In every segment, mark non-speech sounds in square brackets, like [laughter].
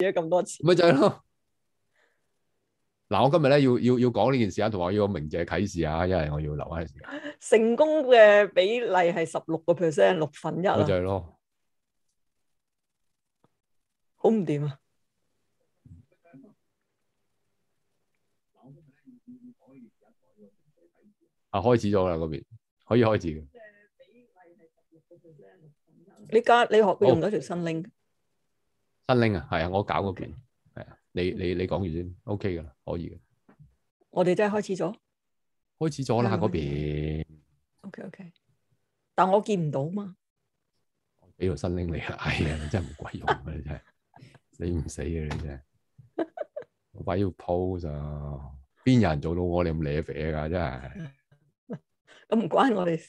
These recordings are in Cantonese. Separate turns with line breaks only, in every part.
死咗咁多次，咪就係咯。
嗱，我今日咧要要要講呢件事啊，同埋要明借嘅啟示啊，因為我要留喺
成功嘅比例係十六個 percent，六分一啊，咪就係咯，好唔掂啊！
啊，開始咗啦，嗰邊可以開始嘅。你家
你學佢用咗條新 link。
新拎啊，係啊，我搞嗰邊，係啊，你你你講完先，OK 噶啦，可以嘅。
我哋真係開始咗，
開始咗啦嗰邊。
OK OK，但我見唔到嘛。
俾個新拎你，哎呀，你真係唔鬼用嘅，你真係死唔死嘅你真係。我擺要 pose 啊，邊有人做到我哋咁脷肥啊？真係。
咁唔關我哋事，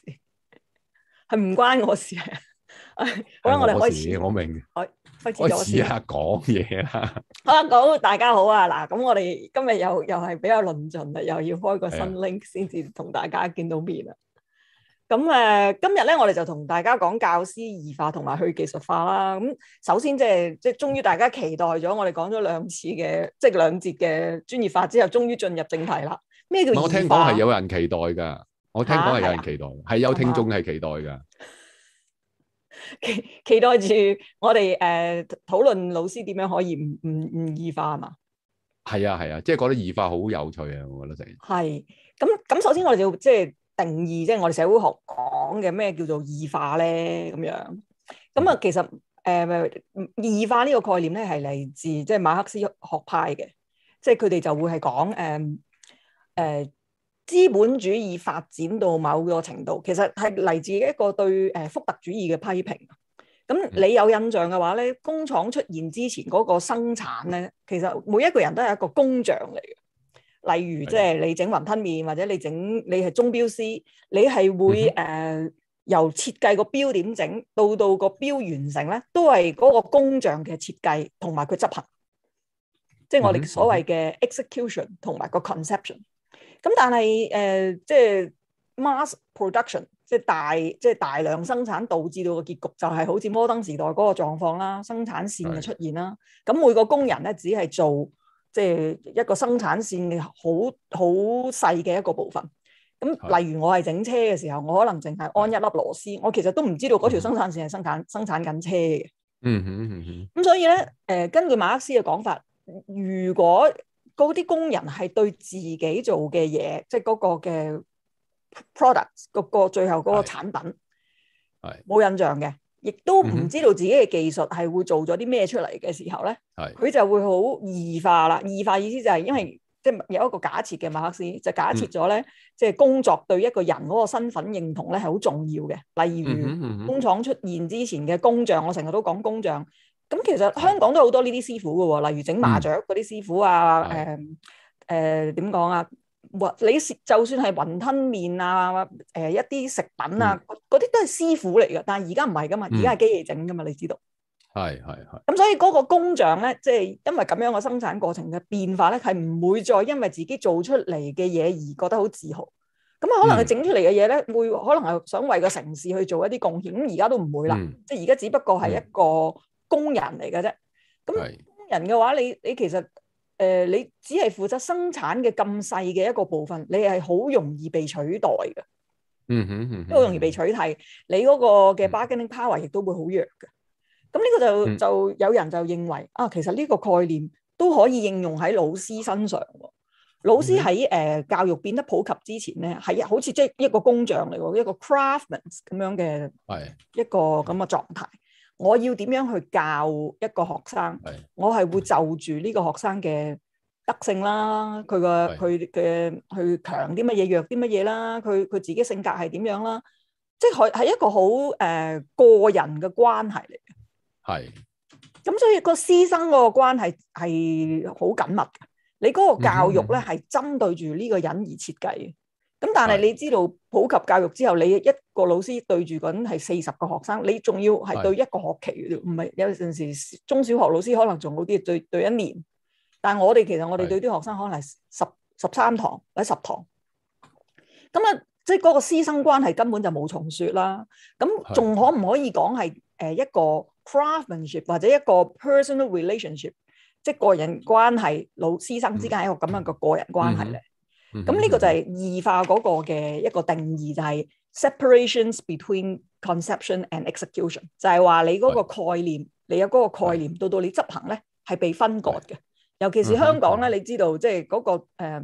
係唔關我事。好啦，我哋開始。我明嘅。開。開始，我試下
講嘢啦。
好啊，大家好啊！嗱，咁我哋今日又又係比較論盡啦，又要開個新 link 先至同大家見到面啊。咁誒、呃，今日咧我哋就同大家講教師異化同埋去技術化啦。咁首先即係即係終於大家期待咗，我哋講咗兩次嘅即係兩節嘅專業化之後，終於進入正題啦。咩叫異化？我聽講係有
人期待噶，我聽講係有人期待的，係、啊、有聽眾係期待噶。
期期待住我哋誒、呃、討論老師點樣可以唔唔唔異化啊嘛，係
啊係啊，即係、啊就是、覺得異化好有趣啊，我覺得就
係。係咁咁，那那首先我哋要即係定義，即、就、係、是、我哋社會學講嘅咩叫做異化咧？咁樣咁啊，其實誒呃、異化呢個概念咧係嚟自即係、就是、馬克思學派嘅，即係佢哋就會係講誒誒。呃呃資本主義發展到某個程度，其實係嚟自一個對誒福特主義嘅批評。咁你有印象嘅話咧，工廠出現之前嗰個生產咧，其實每一個人都係一個工匠嚟嘅。例如，即係你整雲吞麵，或者你整你係鐘錶師，你係會誒、嗯呃、由設計個錶點整到到個錶完成咧，都係嗰個工匠嘅設計同埋佢執行。嗯、即係我哋所謂嘅 execution 同埋個 conception。咁但係誒，即、呃、係、就是、mass production，即係大即係、就是、大量生產導致到嘅結局就係、是、好似摩登時代嗰個狀況啦，生產線嘅出現啦。咁每個工人咧只係做即係、就是、一個生產線嘅好好細嘅一個部分。咁例如我係整車嘅時候，我可能淨係安一粒螺絲，我其實都唔知道嗰條生產線係生產生產緊車嘅。嗯哼嗯
哼。
咁、嗯、所以咧，誒、呃，根據馬克思嘅講法，如果嗰啲工人係對自己做嘅嘢，即係嗰個嘅 product，嗰個最後嗰個產品
係
冇印象嘅，亦都唔知道自己嘅技術係會做咗啲咩出嚟嘅時候咧，係、嗯、佢就會好異化啦。異化意思就係因為即係、就是、有一個假設嘅馬克思，就假設咗咧，即、嗯、係、就是、工作對一個人嗰個身份認同咧係好重要嘅。例如工廠出現之前嘅工匠，我成日都講工匠。咁其實香港都好多呢啲師傅嘅喎、哦，例如整麻雀嗰啲師傅啊，誒誒點講啊，雲你就算係雲吞麵啊，誒、呃、一啲食品啊，嗰、嗯、啲都係師傅嚟嘅，但係而家唔係噶嘛，而家係機器整噶嘛，你知道？
係係係。
咁所以嗰個工匠咧，即、就、係、是、因為咁樣嘅生產過程嘅變化咧，係唔會再因為自己做出嚟嘅嘢而覺得好自豪。咁啊、嗯，可能佢整出嚟嘅嘢咧，會可能係想為個城市去做一啲貢獻。咁而家都唔會啦，即係而家只不過係一個，嗯工人嚟嘅啫，咁工人嘅話你，你你其實誒、呃，你只係負責生產嘅咁細嘅一個部分，你係好容易被取代嘅。嗯，嗯哼，
都好容易
被取代。你嗰個嘅 bargaining power 亦都會好弱嘅。咁、嗯、呢個就就有人就認為、嗯、啊，其實呢個概念都可以應用喺老師身上。老師喺誒、嗯呃、教育變得普及之前咧，係好似即係一個工匠嚟嘅一個 craftsman 咁樣嘅，係、嗯、一個咁嘅狀態。我要點樣去教一個學生？我係會就住呢個學生嘅德性啦，佢個佢嘅佢強啲乜嘢，弱啲乜嘢啦，佢佢自己性格係點樣啦？即係係一個好誒、呃、個人嘅關係嚟嘅。係。咁所以個師生嗰個關係係好緊密嘅。你嗰個教育咧係針對住呢個人而設計嘅。嗯哼嗯哼。咁但係你知道普及教育之後，你一個老師對住緊係四十個學生，你仲要係對一個學期，唔係有陣時中小學老師可能仲好啲，對對一年。但係我哋其實我哋對啲學生可能係十係十三堂或者十堂。咁啊，即係嗰個師生關係根本就冇重說啦。咁仲可唔可以講係誒一個 craftsmanship 或者一個 personal relationship，即係個人關係，老師生之間係一個咁樣嘅個人關係咧？嗯咁、嗯、呢個就係異化嗰個嘅一個定義，就係 separations between conception and execution，就係話你嗰個概念，你有嗰個概念到到你執行咧，係被分割嘅。尤其是香港咧、嗯，你知道即係嗰個、呃、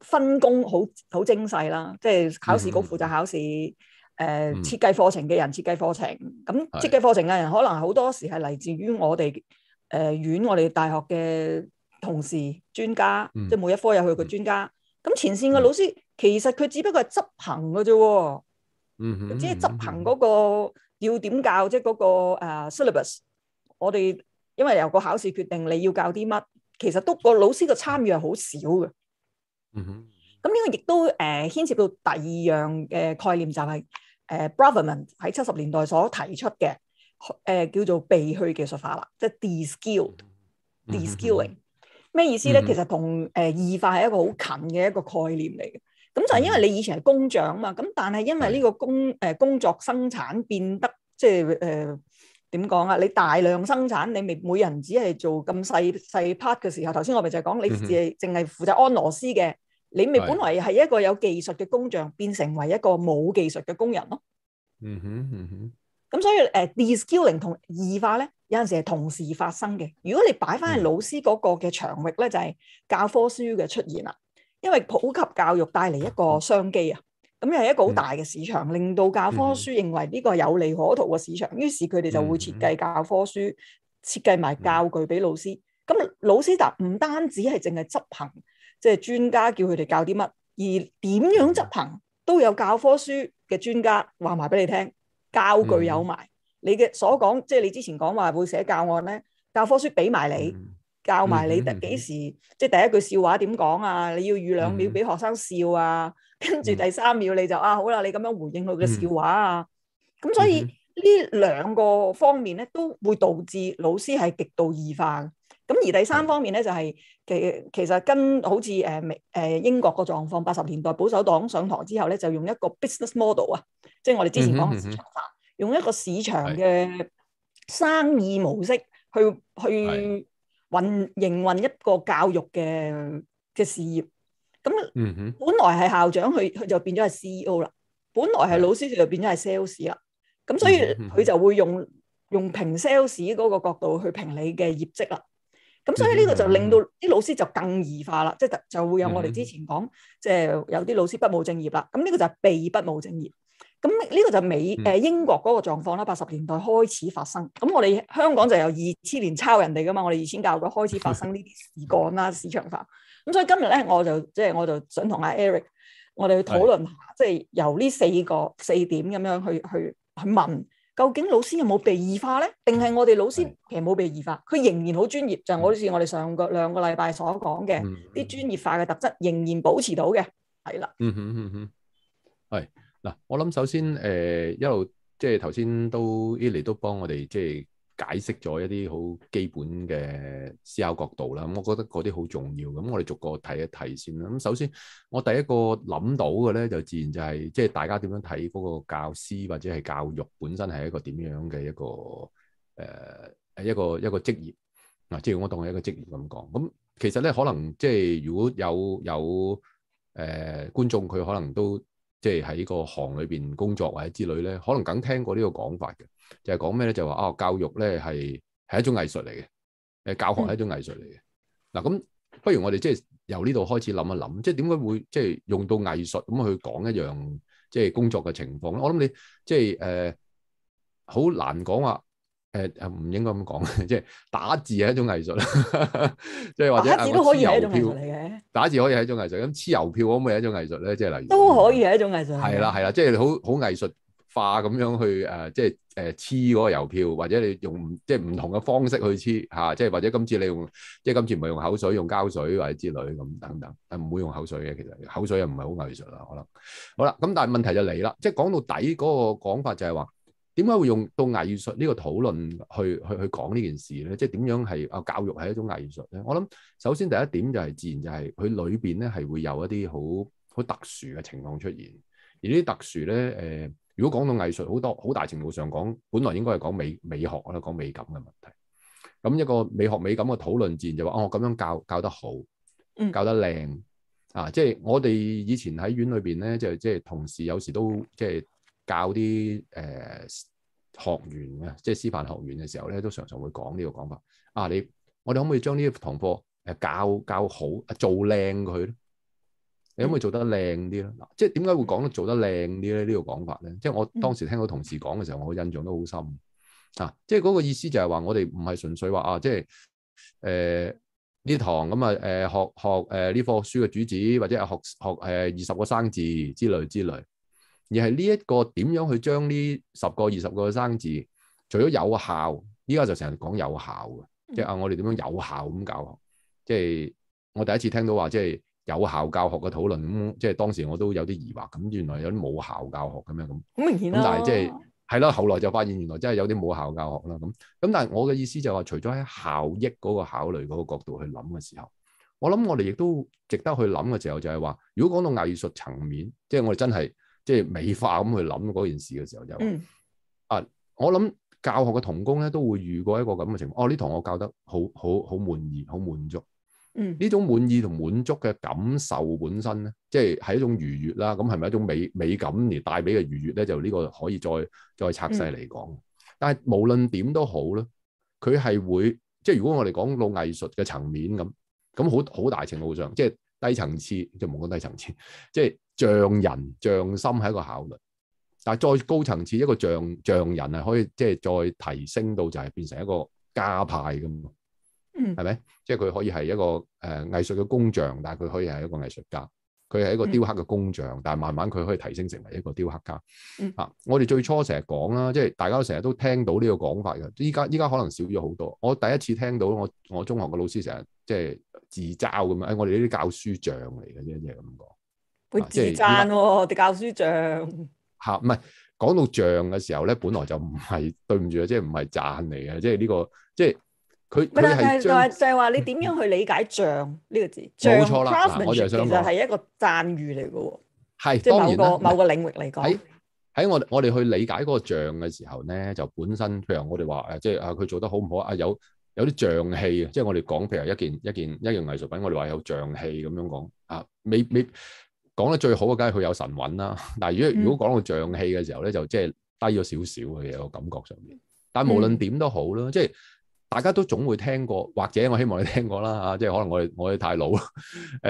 分工好好精細啦，即、就、係、是、考試局負責考試，誒設計課程嘅人設計課程，咁設計課程嘅人、嗯、可能好多時係嚟自於我哋誒、呃、院，我哋大學嘅同事專家，嗯、即係每一科入去個專家。嗯咁前線嘅老師、mm -hmm. 其實佢只不過係執行嘅啫，嗯哼，即係執行嗰個要點教啫，嗰、即係嗰個誒 syllabus 我哋因為有個考試決定你要教啲乜，其實都個老師嘅參與係好少嘅，嗯、mm、
哼
-hmm.。咁呢個亦都誒牽涉到第二樣嘅概念，就係誒 Brotherman 喺七十年代所提出嘅誒、呃、叫做「避去技術化」啦，即係 de-ski、mm、lled, -hmm.
de-skilling
咩意思咧？其實同誒異化係一個好近嘅一個概念嚟嘅，咁就係因為你以前係工匠啊嘛，咁但係因為呢個工誒、呃、工作生產變得即係誒點講啊？你大量生產，你咪每人只係做咁細細 part 嘅時候，頭先我咪就係講你只係淨係負責安螺絲嘅，你咪本來係一個有技術嘅工匠，變成為一個冇技術嘅工人咯。嗯哼，嗯哼。咁所以、uh, de-skilling 同異化咧，有陣時係同時發生嘅。如果你擺翻去老師嗰個嘅場域咧，就係、是、教科書嘅出現啦。因為普及教育帶嚟一個商機啊，咁又係一個好大嘅市場，令到教科書認為呢個有利可圖嘅市場，於是佢哋就會設計教科書，設計埋教具俾老師。咁老師就唔單止係淨係執行，即、就、係、是、專家叫佢哋教啲乜，而點樣執行都有教科書嘅專家話埋俾你聽。教具有埋、嗯，你嘅所講即係你之前講話會寫教案咧，教科書俾埋你，嗯、教埋你第幾時、嗯，即係第一句笑話點講啊？你要預兩秒俾學生笑啊，跟、嗯、住第三秒你就啊好啦，你咁樣回應佢嘅笑話啊，咁、嗯、所以呢兩、嗯、個方面咧都會導致老師係極度異化。咁而第三方面咧，就係、是、其其實跟好似誒美誒英國個狀況，八十年代保守黨上台之後咧，就用一個 business model 啊，即係我哋之前講嘅市場化，用一個市場嘅生意模式去、嗯、去運營運一個教育嘅嘅事業。咁，嗯
哼，
本來係校長，佢佢就變咗係 C E O 啦。本來係老師，就變咗係 sales 啦。咁、嗯、所以佢就會用用評 sales 嗰個角度去評你嘅業績啦。咁所以呢個就令到啲老師就更異化啦，即係就是、就，就會有我哋之前講，即、嗯、係、就是、有啲老師不務正業啦。咁呢個就係被不務正業。咁呢個就是美誒、嗯、英國嗰個狀況啦，八十年代開始發生。咁我哋香港就由二千年抄人哋㗎嘛，我哋二千教育局開始發生呢啲事幹啦， [laughs] 市場化。咁所以今日咧，我就即係、就是、我就想同阿 Eric，我哋去討論下，即係、就是、由呢四個四點咁樣去去去問。究竟老師有冇被異化咧？定係我哋老師其實冇被異化，佢仍然好專業。就好似我哋上個兩個禮拜所講嘅，啲專業化嘅特質仍然保持到嘅，係啦。
嗯哼嗯哼，係。嗱，我諗首先誒一路即係頭先都 Elly 都幫我哋即係，解釋咗一啲好基本嘅思考角度啦，咁我覺得嗰啲好重要。咁我哋逐個睇一睇先啦。咁首先，我第一個諗到嘅咧，就自然就係即係大家點樣睇嗰個教師或者係教育本身係一個點樣嘅一個誒一個一個一個職業嗱，即係我當係一個職業咁講。咁其實咧，可能即係如果有有誒觀眾佢可能都。即係喺個行裏邊工作或者之類咧，可能梗聽過呢個講法嘅，就係講咩咧？就話啊、哦，教育咧係係一種藝術嚟嘅，誒教學係一種藝術嚟嘅。嗱、嗯、咁，啊、不如我哋即係由呢度開始諗一諗，即係點解會即係、即係、用到藝術咁去講一樣即係工作嘅情況咧？我諗你即係誒好難講話。誒、uh, 誒，唔應該咁講，即係打字係一種藝術啦。即 [laughs] 係或者，打字都可以係一種藝術嚟嘅。打字可以係一種藝術，咁黐郵票可唔可以係一種藝術咧？即、嗯、係例如
都可以係一種藝術。係啦係
啦，即係你好好藝術化咁樣去誒，即係誒黐嗰個郵票，或者你用即係唔同嘅方式去黐吓、啊，即係或者今次你用即係今次唔係用口水，用膠水或者之類咁等等，誒、啊、唔會用口水嘅，其實口水又唔係好藝術啦，我諗。好啦，咁、嗯、但係問題就嚟啦，即係講到底嗰個講法就係、是、話。點解會用到藝術呢個討論去去去講呢件事咧？即係點樣係啊？教育係一種藝術咧。我諗首先第一點就係、是、自然就係佢裏邊咧，係會有一啲好好特殊嘅情況出現。而呢啲特殊咧誒、呃，如果講到藝術，好多好大程度上講，本來應該係講美美學啦，講美感嘅問題。咁一個美學美感嘅討論自然就話、是、哦、啊，我咁樣教教得好，教得靚、嗯、啊！即、就、係、是、我哋以前喺院裏邊咧，就即、是、係、就是、同事有時都即係。就是教啲誒、呃、學員啊，即係師範學院嘅時候咧，都常常會講呢個講法。啊，你我哋可唔可以將呢一堂課誒教教好，做靚佢咧？你可唔可以做得靚啲咧？嗱，即係點解會講得做得靚啲咧？呢、呢個講法咧，即係我當時聽到同事講嘅時候，我印象都好深。嗱、啊，即係嗰個意思就係話，我哋唔係純粹話啊，即係誒呢堂咁啊誒學學誒呢科書嘅主旨，或者係學學誒二十個生字之類之類，之類。而係呢一個點樣去將呢十個二十個嘅生字，除咗有效，依家就成日講有效嘅，即係啊，即係、我哋點樣有效咁教學？即係我第一次聽到話，即係有效教學嘅討論咁，即係當時我都有啲疑惑咁，原來有啲冇效教學咁樣咁
咁明顯啊。咁但係即係
係咯，後來就發現原來真係有啲冇效教學啦。咁咁，但係我嘅意思就係話，除咗喺效益嗰個考慮嗰個角度去諗嘅時候，我諗我哋亦都值得去諗嘅時候，就係話，如果講到藝術層面，即係我哋真係。即、就、係、是、美化，咁去諗嗰件事嘅時候就、
嗯，
啊、uh,，我諗教學嘅同工咧都會遇過一個咁嘅情況。哦，呢堂我教得好好好滿意，好滿足。嗯，呢種滿意同滿足嘅感受本身咧，即係係一種愉悅啦。咁係咪一種美美感而帶俾嘅愉悅咧？就呢個可以再再拆細嚟講。但係無論點都好咧，佢係會即係、就是、如果我哋講到藝術嘅層面咁，咁好好大程度上，即、就、係、是、低層次就唔好講低層次，即係。就是匠人匠心係一個考慮，但係再高層次一個匠匠人係可以即係再提升到就係變成一個家派噶嘛，嗯，係咪？即係佢可以係一個誒藝術嘅工匠，但係佢可以係一個藝術家，佢係一個雕刻嘅工匠，嗯，但係慢慢佢可以提升成為一個雕刻家。嗯，啊、我哋最初成日講啦，即係大家都成日都聽到呢個講法嘅，依家依家可能少咗好多。我第一次聽到我我中學嘅老師成日即係自嘲咁啊、哎，我哋呢啲教書匠嚟嘅啫，即係咁講。
佢自讚喎、哦，我哋教書匠。
嚇、啊，唔係講到匠嘅時候咧，本來就唔係對唔住啊，即係唔係讚嚟嘅。即係呢個即係佢。就係、是、就話、是這個就
是就是、你點樣去理解匠」呢 [laughs] 個字？冇錯啦，啊、我就想其實係一個讚譽嚟
嘅喎。即係某個領
域嚟講。喺
喺我我哋去理解嗰個匠嘅時候咧，就本身譬如我哋話即係啊，佢做得好唔好啊？有有啲匠氣啊，即、就、係、是、我哋講譬如一件一件一件藝術品，我哋話有匠氣咁樣講啊，未未。講得最好嘅梗係佢有神韻啦，但係如果如果講到匠氣嘅時候咧，就即係低咗少少嘅有個感覺上面。但係無論點都好啦，即係大家都總會聽過，或者我希望你聽過啦嚇，即係可能我哋我哋太老誒，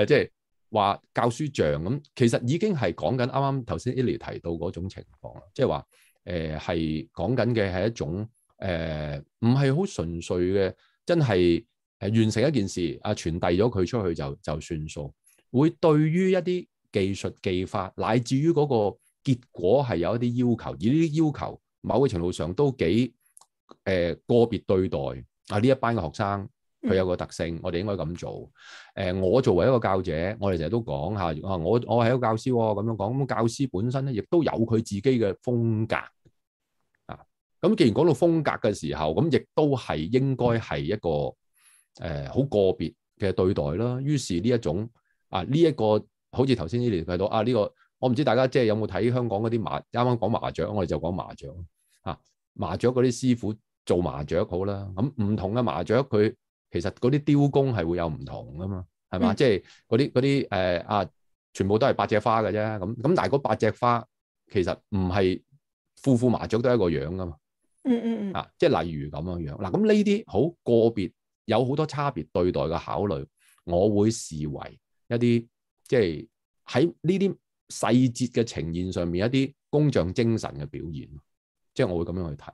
即係話教書匠咁，其實已經係講緊啱啱頭先 Eli 提到嗰種情況啦，即係話誒係講緊嘅係一種誒唔係好純粹嘅，真係誒完成一件事啊，傳遞咗佢出去就就算數，會對於一啲，技術技法，乃至於嗰個結果係有一啲要求，而呢啲要求某個程度上都幾誒、呃、個別對待啊！呢一班嘅學生佢有個特性，我哋應該咁做。誒、呃，我作為一個教者，我哋成日都講下、啊，我我係一個教師喎、哦，咁樣講。咁教師本身咧，亦都有佢自己嘅風格啊。咁既然講到風格嘅時候，咁亦都係應該係一個誒好個別嘅對待啦。於是呢一種啊，呢一個。呃好似頭先呢段提到啊，呢個我唔知大家即係有冇睇香港嗰啲麻啱啱講麻雀，我哋就講麻雀啊，麻雀嗰啲師傅做麻雀好啦，咁唔同嘅麻雀佢其實嗰啲雕工係會有唔同噶嘛，係嘛？即係嗰啲嗰啲誒啊，全部都係八隻花嘅啫，咁咁但係嗰八隻花其實唔係副副麻雀都係一個樣噶嘛，嗯嗯嗯啊，即係例如咁樣樣嗱，咁呢啲好個別有好多差別對待嘅考慮，我會視為一啲。即係喺呢啲細節嘅呈現上面，一啲工匠精神嘅表現即係、就是、我會咁樣去睇。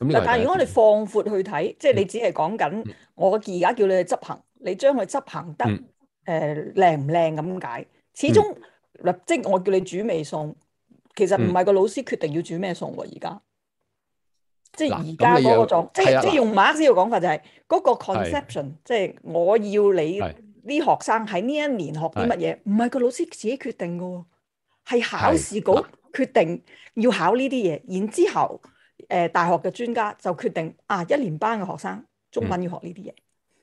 咁但係，如果你
放闊去睇、嗯，即係你只係講緊我而家叫你去執行，嗯、你將佢執行得誒靚唔靚咁解。始終嗱、嗯，即係我叫你煮味餸，其實唔係個老師決定要煮咩餸喎。而、嗯、家即係而家嗰個即係即係用馬克思嘅講法就係、是、嗰、那個 conception，即係、就是、我要你。啲學生喺呢一年學啲乜嘢，唔係個老師自己決定嘅喎，係考試局決定要考呢啲嘢，然之後誒、呃、大學嘅專家就決定啊一年班嘅學生中文要學呢啲嘢，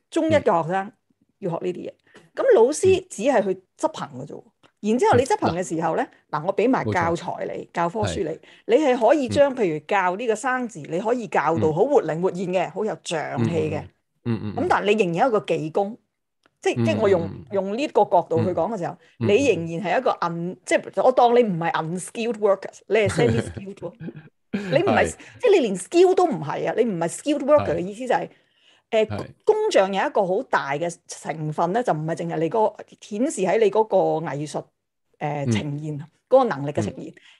中一嘅學生要學呢啲嘢，咁、嗯、老師只係去執行嘅啫、嗯。然之後你執行嘅時候咧，嗱、嗯、我俾埋教材你，教科書你，你係可以將、嗯、譬如教呢個生字，你可以教到好活靈活現嘅，好有象氣嘅。
嗯嗯。咁、嗯、但
係你仍然有一個技工。即係即我用、嗯、用呢個角度去講嘅時候、嗯，你仍然係一個 un。即係我當你唔係 unskilled workers，你係 semi-skilled 喎。 [laughs] 你唔係即係你連 skill 都唔係啊！你唔係 skilled worker 嘅意思就係、是呃、工匠有一個好大嘅成分咧，就唔係淨係你、嗰個顯示喺你嗰個藝術呈現嗰個能力嘅呈現，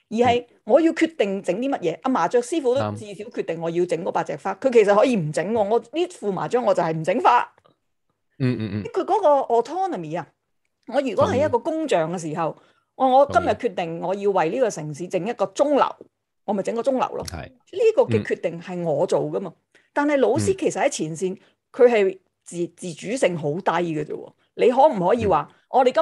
嗯、而係我要決定整啲乜嘢。阿、啊、麻雀師傅都至少決定我要整嗰八隻花，佢其實可以唔整喎。我呢副麻雀我就係唔整花。嗯嗯嗯，佢、嗯、嗰、嗯、個 autonomy 啊，我如果係一個工匠嘅時候，我、嗯、我今日決定我要為呢個城市整一個鐘樓，我咪整個鐘樓咯。係呢、這個嘅決定係我做噶嘛。但係老師其實喺前線，佢係自自主性好低嘅啫。你可唔可以話、嗯，我哋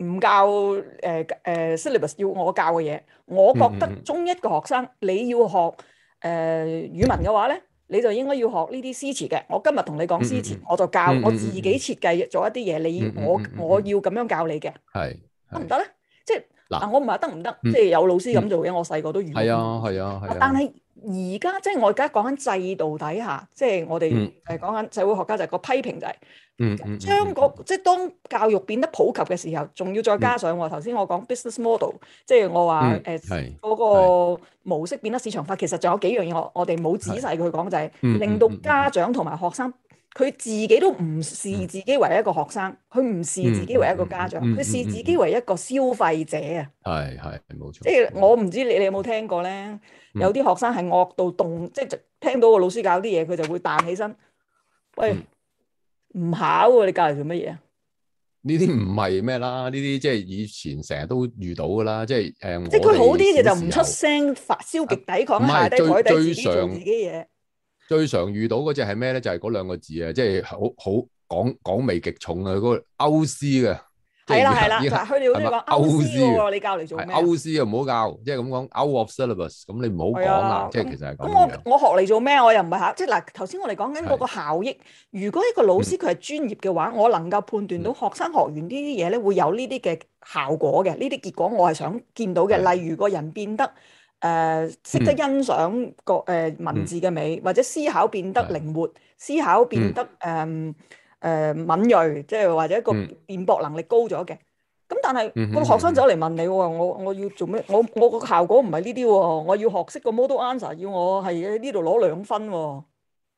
今日唔教誒誒、呃呃、syllabus 要我教嘅嘢？我覺得中一個學生、嗯、你要學誒、呃、語文嘅話咧。你就應該要學呢啲詩詞嘅。我今日同你講詩詞，嗯嗯嗯我就教，嗯嗯嗯我自己設計做一啲嘢。你嗯嗯嗯嗯嗯我我要咁樣教你嘅，得唔得咧？即係嗱，我唔係得唔得，即係有老師咁做嘅、嗯。我細個都遇過。係
啊，係啊，係啊。但係。
而家即係我而家講緊制度底下，即係我哋誒講緊社會學家評就係嗯、個批評就
係，將、嗯、個、嗯、
即係當教育變得普及嘅時候，仲要再加上我頭先、嗯、我講 business model，即係我話誒嗰個模式變得市場化，其實仲有幾樣嘢我我哋冇仔細去講就係、係嗯，令到家長同埋學生佢自己都唔視自己為一個學生，佢唔視自己為一個家長，佢、嗯嗯嗯、視自己為一個消費者啊。
係係冇錯。即係、
嗯、我唔知你哋有冇聽過咧。有啲學生係惡到動，即係聽到個老師搞啲嘢，佢就會彈起身。喂，唔考喎，你教嚟做乜嘢啊？
呢啲唔係咩啦，呢啲即係以前成日都遇到㗎啦，即係誒。即係佢好啲嘅就唔出
聲，發消極抵抗，低低海底自己做自己嘢。
最常遇到嗰隻係咩咧？就係嗰兩個字啊！即係好好講講味極重啊，嗰個勾絲嘅。係啦，係 [noise] 啦樂，就係佢哋好似講歐師喎，你教嚟做咩？歐師又唔好教，即係咁講 out of syllabus。咁你唔好講啦，即係其實係咁。咁我
我學嚟做咩？我又唔係嚇。即係嗱，頭先我哋講緊嗰個效益。如果一個老師佢係專業嘅話，我能夠判斷到學生學完呢啲嘢咧，會有呢啲嘅效果嘅。呢啲結果我係想見到嘅。例如個人變得誒識、呃、得欣賞個誒、嗯呃、文字嘅美、嗯，或者思考變得靈活，思考變得誒。嗯誒、呃、敏銳，即係或者一個辯駁能力高咗嘅。咁、嗯、但係、嗯那個學生走嚟問你喎，我我要做咩？我我個效果唔係呢啲喎，我要學識個 model answer，要我係喺呢度攞兩分喎、哦。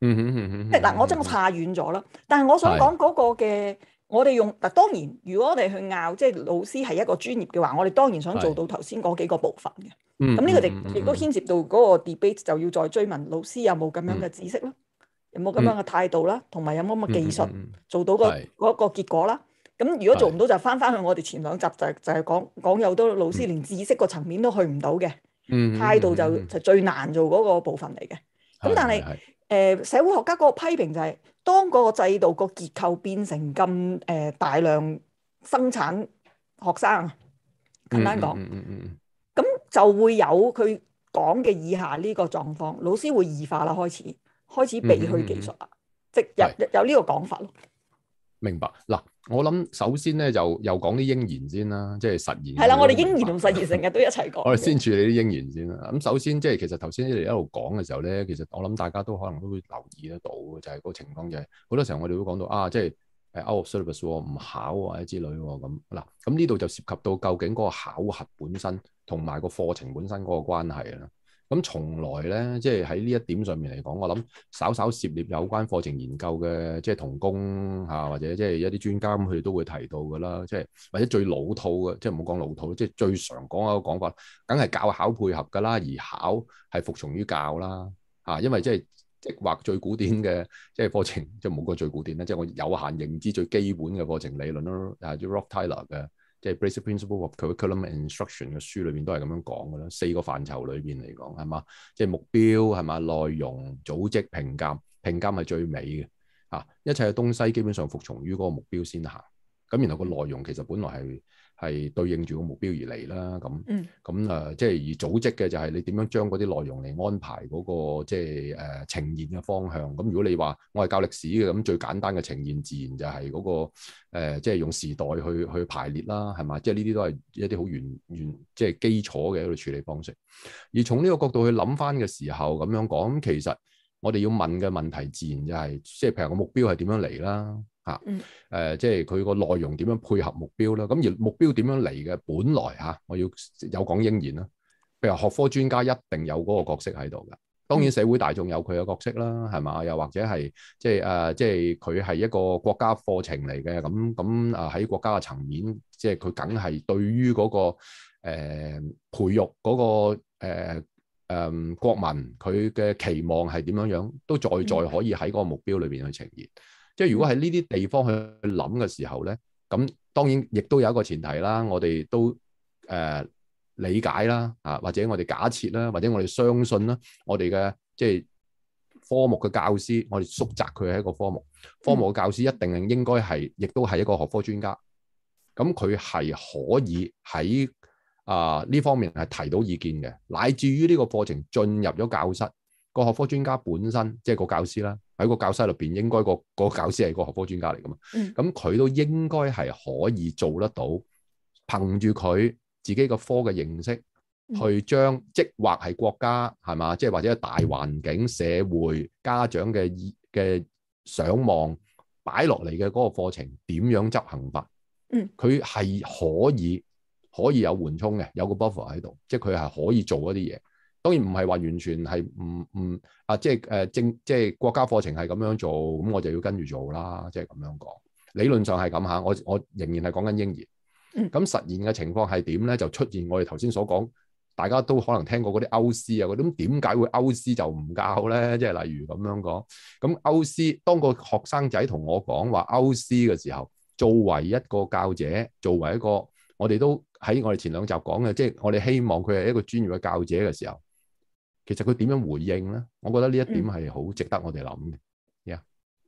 嗯哼嗯哼，即係嗱，我真係差遠咗啦。但係我想講嗰個嘅，我哋用嗱，當然如果我哋去拗，即、就、係、是、老師係一個專業嘅話，我哋當然想做到頭先嗰幾個部分嘅。嗯，咁呢個亦亦都牽涉到嗰個 debate 就要再追問老師有冇咁樣嘅知識咯。嗯有冇咁樣嘅態度啦，同、嗯、埋有冇咁嘅技術做到、嗰個嗰、嗯嗰個結果啦？咁如果做唔到，就返返去我哋前兩集就是、就係、是、講講有多老師連知識個層面都去唔到嘅，
態度就、
嗯、就是、最難做嗰個部分嚟嘅。咁、嗯、但係誒、呃、社會學家嘅個批評就係、是，當個制度個結構變成咁誒、呃、大量生產學生，簡單講，咁、嗯嗯嗯嗯、就會有佢講嘅以下呢個狀況，老師會異化啦開始。開始避去技術啊、嗯，即係有
呢個講法咯。明白嗱，我諗首先咧就又講啲英言先啦，即係實驗。係啦，我
哋英言同實驗成日都一齊講。 [laughs] 我哋先
處理啲英言先啦。咁首先即係其實頭先你哋一路講嘅時候咧，其實我諗大家都可能都會留意得到嘅，就係、是、嗰個情況就係、是、好多時候我哋會講到啊，即係誒 out service 唔考啊或者之類喎咁嗱。咁呢度就涉及到究竟嗰個考核本身同埋個課程本身嗰個關係啦。咁從來咧，即係喺呢一點上面嚟講，我諗稍稍涉獵有關課程研究嘅，即係同工、啊、或者即係一啲專家佢哋都會提到噶啦。即係或者最老套嘅，即係唔好講老套即係最常講一個講法，梗係教考配合噶啦，而考係服從於教啦、啊、因為即係即或最古典嘅，即係課程，即係冇個最古典即係我有限認知最基本嘅課程理論咯，啊，叫 Rock Tyler 嘅。即係 basic principle of curriculum and instruction 嘅書裏面都係咁樣講嘅啦，四個範疇裏面嚟講係嘛，即係、就是、目標係嘛，內容、組織、評鑑，評鑑係最尾嘅，一切嘅東西基本上服從於嗰個目標先行，咁然後個內容其實本來係。係對應住個目標而嚟啦，咁咁誒，即、嗯、係、啊就是、而組織嘅就係你點樣將嗰啲內容嚟安排嗰、那個即係誒呈現嘅方向。咁、嗯、如果你話我係教歷史嘅，咁最簡單嘅呈現自然就係嗰、那個即係、呃就是、用時代去去排列啦，係嘛？即係呢啲都係一啲好原原即係基礎嘅一個處理方式。而從呢個角度去諗翻嘅時候，咁樣講，其實我哋要問嘅問題自然就係、是，即、就、係、是、譬如個目標係點樣嚟啦？吓、啊，誒、呃，即係佢個內容點樣配合目標咧？咁而目標點樣嚟嘅？本來吓、啊，我要有講應然啦。譬如學科專家一定有嗰個角色喺度嘅，當然社會大眾有佢嘅角色啦，係嘛？又或者係即係誒，即係佢係一個國家課程嚟嘅，咁咁啊喺國家嘅層面，即係佢梗係對於嗰、那個誒、呃、培育嗰、那個誒誒、呃呃、國民佢嘅期望係點樣樣，都再再可以喺嗰個目標裏邊去呈現。即係如果喺呢啲地方去諗嘅時候咧，咁當然亦都有一個前提啦。我哋都誒理解啦，啊或者我哋假設啦，或者我哋相信啦，我哋嘅即係科目嘅教師，我哋縮窄佢係一個科目科目嘅教師一定係應該係，亦都係一個學科專家。咁佢係可以喺啊呢方面係提到意見嘅，乃至於呢個課程進入咗教室，個學科專家本身即係、就是、個教師啦。喺個教室入邊，應該個個教師係個學科專家嚟㗎嘛？咁、嗯、佢都應該係可以做得到，憑住佢自己個科嘅認識，嗯、去將即或係國家係嘛，即係或者係大環境、社會、家長嘅嘅想望擺落嚟嘅嗰個課程點樣執行法？嗯，佢係可以可以有緩衝嘅，有個 buffer 喺度，即係佢係可以做一啲嘢。當然唔係話完全係唔唔啊，即係誒政即係國家課程係咁樣做，咁我就要跟住做啦。即係咁樣講理論上係咁嚇，我我仍然係講緊英語。咁實現嘅情況係點咧？就出現我哋頭先所講，大家都可能聽過嗰啲歐思啊嗰種點解會歐思就唔教咧？即係例如咁樣講，咁歐思當個學生仔同我講話歐思嘅時候，作為一個教者，作為一個我哋都喺我哋前兩集講嘅，即係我哋希望佢係一個專業嘅教者嘅時候。其實佢點樣回應咧？我覺得呢一點係好值得我哋諗嘅。呀、yeah.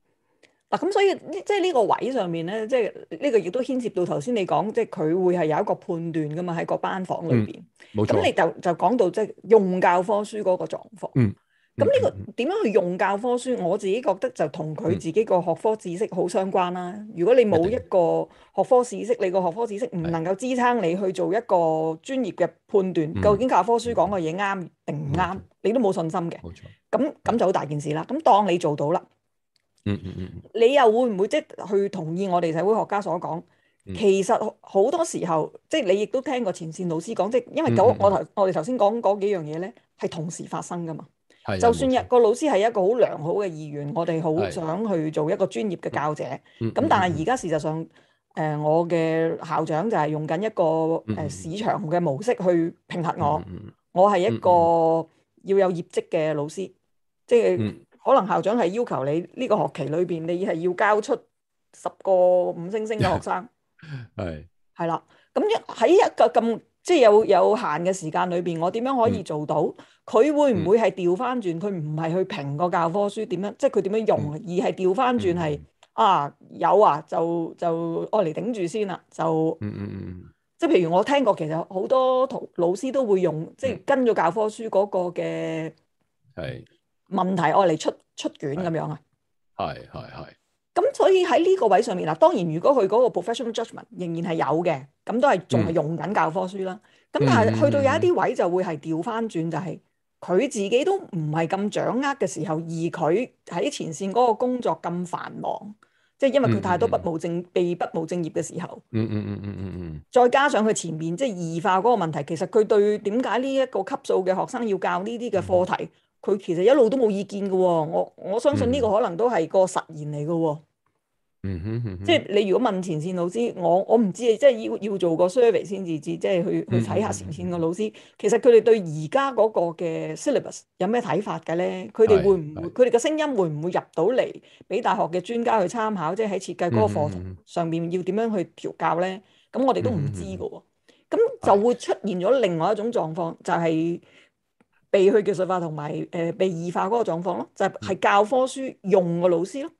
嗯，嗱，咁所以即係呢個位上面咧，即係呢個亦都牽涉到頭先你講，即係佢會係有一個判斷噶嘛，喺個班房裏邊。冇、嗯、錯。咁你就就講到即係用教科書嗰個狀況。嗯。咁呢個點樣去用教科書？我自己覺得就同佢自己個學科知識好相關啦。如果你冇一個學科知識，你個學科知識唔能夠支撐你去做一個專業嘅判斷，究竟教科書講嘅嘢啱定唔啱，你都冇信心嘅。冇錯。咁咁就好大件事啦。咁當你做到啦，嗯嗯嗯，你又會唔會即係去同意我哋社會學家所講？其實好多時候，即係你亦都聽過前線老師講，即係因為就我頭我哋頭先講嗰幾樣嘢咧，係同時發生㗎嘛。就算一個老師係一個好良好嘅意願，我哋好想去做一個專業嘅教者。咁但係而家事實上，誒、呃、我嘅校長就係用緊一個誒、呃、市場嘅模式去評核我。係我係一個要有業績嘅老師，即係、就是、可能校長係要求你呢個學期裏邊，你係要交出十個五星星嘅學生。係係啦，咁喺一個咁。即係有有限嘅時間裏邊，我點樣可以做到？佢、嗯、會唔會係調翻轉？佢唔係去評個教科書點樣，即係佢點樣用，嗯、而係調翻轉係啊有啊，就就愛嚟頂住先啦，就嗯嗯嗯，即係譬如我聽過其實好多老師都會用即係、嗯就係、跟咗教科書嗰個嘅係問題愛嚟出出卷咁樣啊，
係係係。
咁所以喺呢個位上面嗱，當然如果佢嗰個 professional judgment 仍然係有嘅，咁都係仲係用緊教科書啦。咁、嗯、但係去到有一啲位就會係調翻轉，就係、是、佢自己都唔係咁掌握嘅時候，而佢喺前線嗰個工作咁繁忙，即係因為佢太多不務正被、嗯、不務正業嘅時候。嗯
嗯嗯嗯嗯嗯，嗯，
嗯。再加上佢前面即係異化嗰個問題，其實佢對點解呢一個級數嘅學生要教呢啲嘅課題？佢其實一路都冇意見嘅喎，我我相信呢個可能都係個實驗嚟嘅
喎。嗯哼哼，
即係你如果問前線老師，我我唔知，即係要要做個 survey 先至知，即係去去睇下前線嘅老師，mm-hmm. 其實佢哋對而家嗰個嘅 syllabus 有咩睇法嘅咧？佢哋會唔會 mm-hmm。佢哋嘅聲音會唔會入到嚟，俾大學嘅專家去參考，mm-hmm. 即係喺設計嗰個課堂上面要點樣去調教咧？咁我哋都唔知嘅喎，咁就會出現咗另外一種狀況，mm-hmm. 就係。被去技術化同埋誒被異化嗰個狀況咯，就係、係、教科書用嘅老師咯。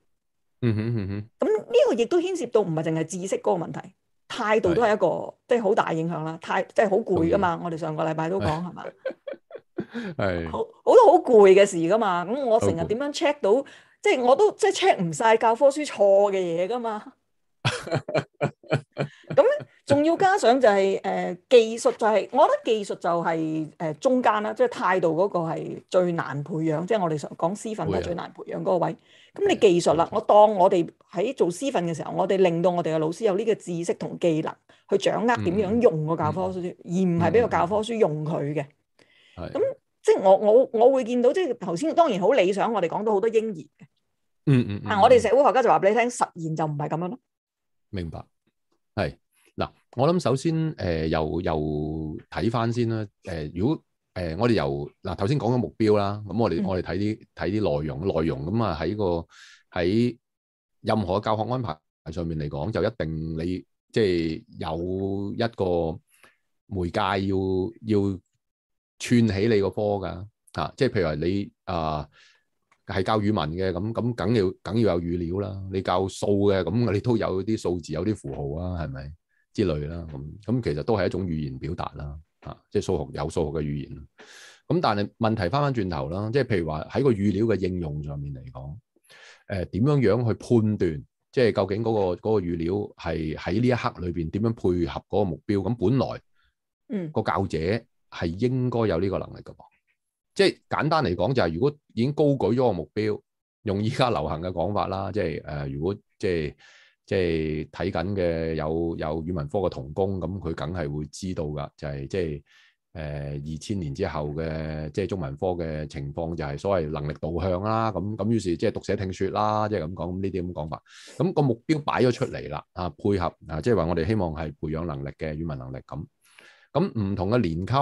嗯哼嗯哼。咁呢個亦都牽涉到唔係淨係知識嗰個問題，態度都係一個，即係好大影響啦。態即係好攰噶嘛，我哋上個禮拜都講係嘛？
係。好
好多好攰嘅事噶嘛，咁我成日點樣 check 到？即係我都即係 check 唔晒教科書錯嘅嘢噶嘛。咁。 [laughs] 仲要加上就係、是、誒、呃、技術、就是，就係我覺得技術就係、是、誒、呃、中間啦，即、就、係、是、態度嗰個係最難培養，即、就、係、是、我哋講講師訓係最難培養嗰個位。咁你技術啦、嗯，我當我哋喺做師訓嘅時候，我哋令到我哋嘅老師有呢個知識同技能去掌握點樣用個教科書，嗯嗯、而唔係俾個教科書用佢嘅。咁、嗯、即係我我我會見到，即係頭先當然好理想，我哋講到好多嬰兒。嗯嗯，啊、嗯，
但我哋社
會學家就話俾你聽，實驗就唔係咁樣咯。
明白。我諗首先誒、呃，又又睇翻先啦。誒、呃，如果誒、呃，我哋由嗱頭先講嘅目標啦，咁我哋我哋睇啲睇啲內容內容咁啊。喺個喺任何教學安排上面嚟講，就一定你即係、就是、有一個媒介要要串起你個科噶吓、啊。即係譬如話你啊係教語文嘅，咁咁梗要梗要有語料啦。你教數嘅咁，你都有啲數字有啲符號啊，係咪？之類啦，咁咁其實都係一種語言表達啦，啊，即係數學有數學嘅語言。咁但係問題翻翻轉頭啦，即係譬如話喺個語料嘅應用上面嚟講，誒點樣樣去判斷，即係究竟嗰個嗰個語料係喺呢一刻裏邊點樣配合嗰個目標？咁本來，嗯，個教者係應該有呢個能力㗎噃。即係簡單嚟講，就係如果已經高舉咗個目標，用依家流行嘅講法啦，即係誒，如果即係即係睇緊嘅有有語文科嘅同工，咁佢梗係會知道噶，就係即係誒二千年之後嘅即係中文科嘅情況，就係所謂能力導向啦。咁咁於是即係讀寫聽說啦，即係咁講，呢啲咁講法。咁個目標擺咗出嚟啦，啊配合啊，即係話我哋希望係培養能力嘅語文能力。咁咁唔同嘅年級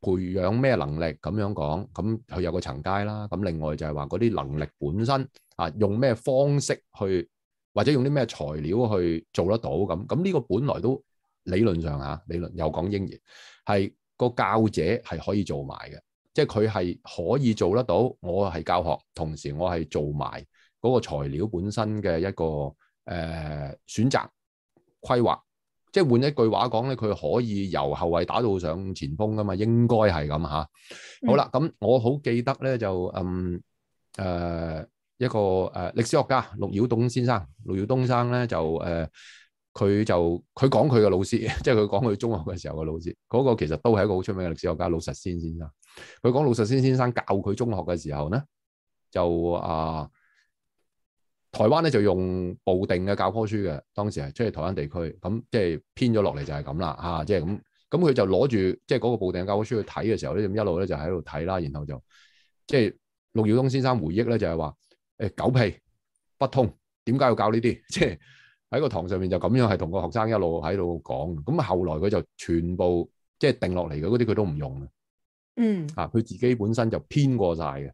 培養咩能力咁樣講，咁佢有個層階啦。咁另外就係話嗰啲能力本身啊，用咩方式去？或者用啲咩材料去做得到咁？咁呢個本來都理論上嚇、啊，理論又講英然係個教者係可以做埋嘅，即係佢係可以做得到。我係教學，同時我係做埋嗰個材料本身嘅一個誒、呃、選擇規劃。即係換一句話講咧，佢可以由後衞打到上前鋒噶嘛，應該係咁嚇。好啦，咁我好記得咧就嗯誒。呃一個誒，歷、呃、史學家陸耀東先生，陸耀東生咧就誒，佢、呃、就佢講佢嘅老師，即係佢講佢中學嘅時候嘅老師，嗰、那個其實都係一個好出名嘅歷史學家，老實先先生。佢講老實先先生教佢中學嘅時候咧，就啊、呃，台灣咧就用部定嘅教科書嘅，當時係即係台灣地區，咁即係編咗落嚟就係咁啦吓，即係咁，咁佢就攞住即係嗰個部定教科書去睇嘅時候咧，咁一路咧就喺度睇啦，然後就即係、就是、陸耀東先生回憶咧就係、是、話。誒、哎，狗屁不通，點解要教呢啲？即係喺個堂上面就咁樣，係同個學生一路喺度講。咁後來佢就全部即係、就是、定落嚟嘅嗰啲，佢都唔用啦。嗯。啊，佢自己本身就編過晒嘅。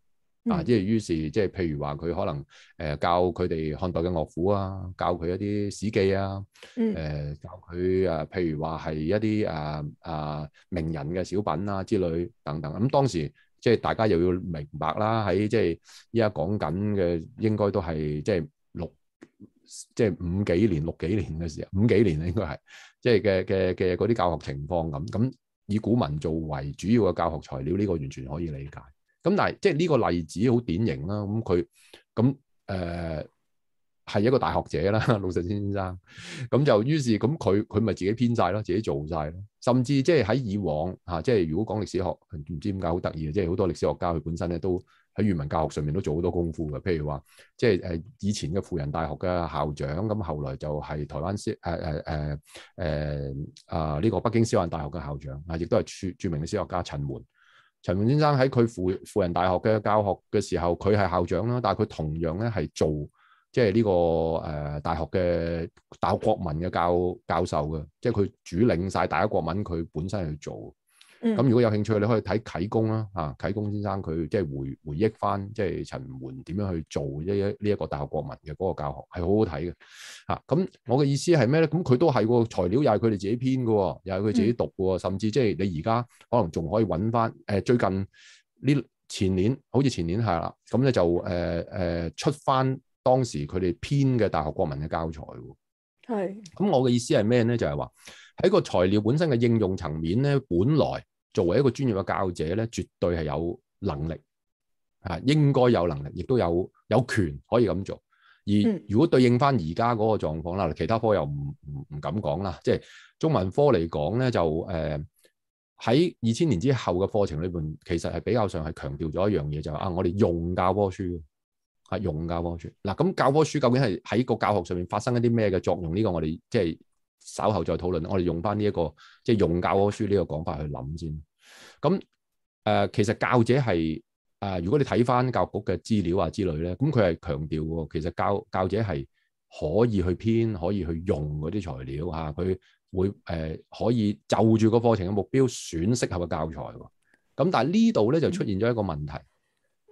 啊，即係於是，即、就、係、是、譬如話佢可能誒、呃、教佢哋漢代嘅樂府啊，教佢一啲史記啊，誒、呃、教佢啊，譬如話係一啲啊啊名人嘅小品啊之類等等。咁、嗯、當時。即係大家又要明白啦，喺即係依家講緊嘅應該都係即係六即係五幾年六幾年嘅時候，五幾年啦應該係即係嘅嘅嘅嗰啲教學情況咁咁，以古文做為主要嘅教學材料，呢個完全可以理解。咁但係即係呢個例子好典型啦，咁佢咁誒。係一個大學者啦，魯迅先生咁就於是咁佢佢咪自己編晒咯，自己做晒咯。甚至即係喺以往嚇，即、啊、係、即係、如果講歷史學，唔知點解好得意嘅，即係好多歷史學家佢本身咧都喺語文教學上面都做好多功夫嘅。譬如話，即係誒以前嘅輔仁大學嘅校長，咁後來就係台灣師誒誒誒誒啊呢、啊啊啊啊呢個北京師範大學嘅校長啊，亦都係著著名嘅史學家陳垣。陳垣先生喺佢輔輔仁大學嘅教學嘅時候，佢係校長啦，但係佢同樣咧係做。即係呢個誒大學嘅大學國文嘅教教授嘅，即係佢主領晒大學國文，佢本身去做。咁、嗯、如果有興趣，你可以睇啟功啦，嚇、啊，啟功先生佢即係回回憶翻，即係陳垣點樣去做呢一呢一個大學國文嘅嗰個教學，係好好睇嘅。嚇、啊，咁我嘅意思係咩咧？咁佢都係個材料，又係佢哋自己編嘅，又係佢自己讀嘅、嗯，甚至即係你而家可能仲可以揾翻誒最近呢前年，好似前年係啦，咁咧就誒誒、啊啊、出翻。當時佢哋編嘅大學國民嘅教材的，係咁，我嘅意思係咩咧？就係話喺個材料本身嘅應用層面咧，本來作為一個專業嘅教者咧，絕對係有能力啊，應該有能力，亦都有有權可以咁做。而如果對應翻而家嗰個狀況啦，其他科又唔唔唔敢講啦，即係中文科嚟講咧，就誒喺二千年之後嘅課程裏邊，其實係比較上係強調咗一樣嘢，就係啊，我哋用教科書。用教科書嗱，咁教科書究竟係喺個教學上面發生一啲咩嘅作用？呢、這個我哋即係稍後再討論。我哋用翻呢一個即係、就是、用教科書呢個講法去諗先。咁誒、呃，其實教者係誒、呃，如果你睇翻教育局嘅資料啊之類咧，咁佢係強調喎，其實教教者係可以去編，可以去用嗰啲材料嚇，佢、啊、會誒、呃、可以就住個課程嘅目標選適合嘅教材。咁但係呢度咧就出現咗一個問題。嗯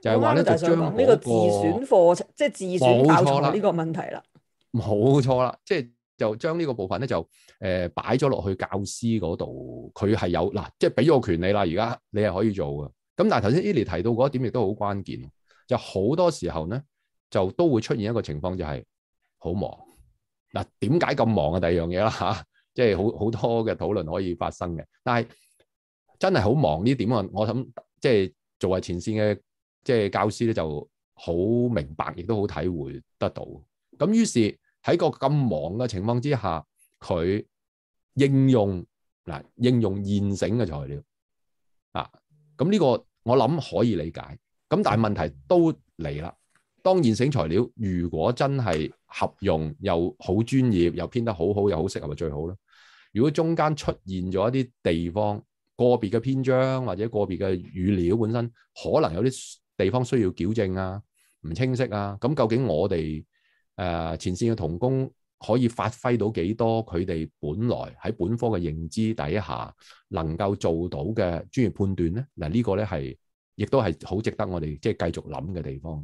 就係、是、咧，就將呢、這個自選
課程，即係自選教材呢個問題啦。
冇錯啦，即係就將、是、呢個部分咧，就誒擺咗落去教師嗰度。佢係有嗱、啊，即係俾咗個權利啦。而家你係可以做嘅。咁但係頭先 Eli 提到嗰一點，亦都好關鍵。就好多時候咧，就都會出現一個情況，就係好忙。嗱、啊，點解咁忙啊？第二樣嘢啦，嚇、啊，即係好好多嘅討論可以發生嘅。但係真係好忙呢點啊？我諗即係作為前線嘅。即係教師咧就好明白，亦都好體會得到。咁於是喺個咁忙嘅情況之下，佢應用嗱應用現成嘅材料啊。咁呢個我諗可以理解。咁但係問題都嚟啦。當現成材料如果真係合用，又好專業，又編得好好，又好適合，咪最好啦。如果中間出現咗一啲地方，個別嘅篇章或者個別嘅語料本身可能有啲。地方需要矯正啊，唔清晰啊，咁究竟我哋誒、呃，前線嘅同工可以發揮到幾多佢哋本來喺本科嘅認知底下能夠做到嘅專業判斷咧？嗱，呢個咧係亦都係好值得我哋即係繼續諗嘅地方。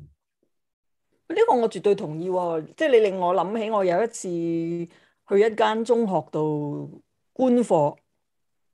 呢、這個我絕對同意、哦，即、就、係、是、你令我諗起，我有一次去一間中學度觀課。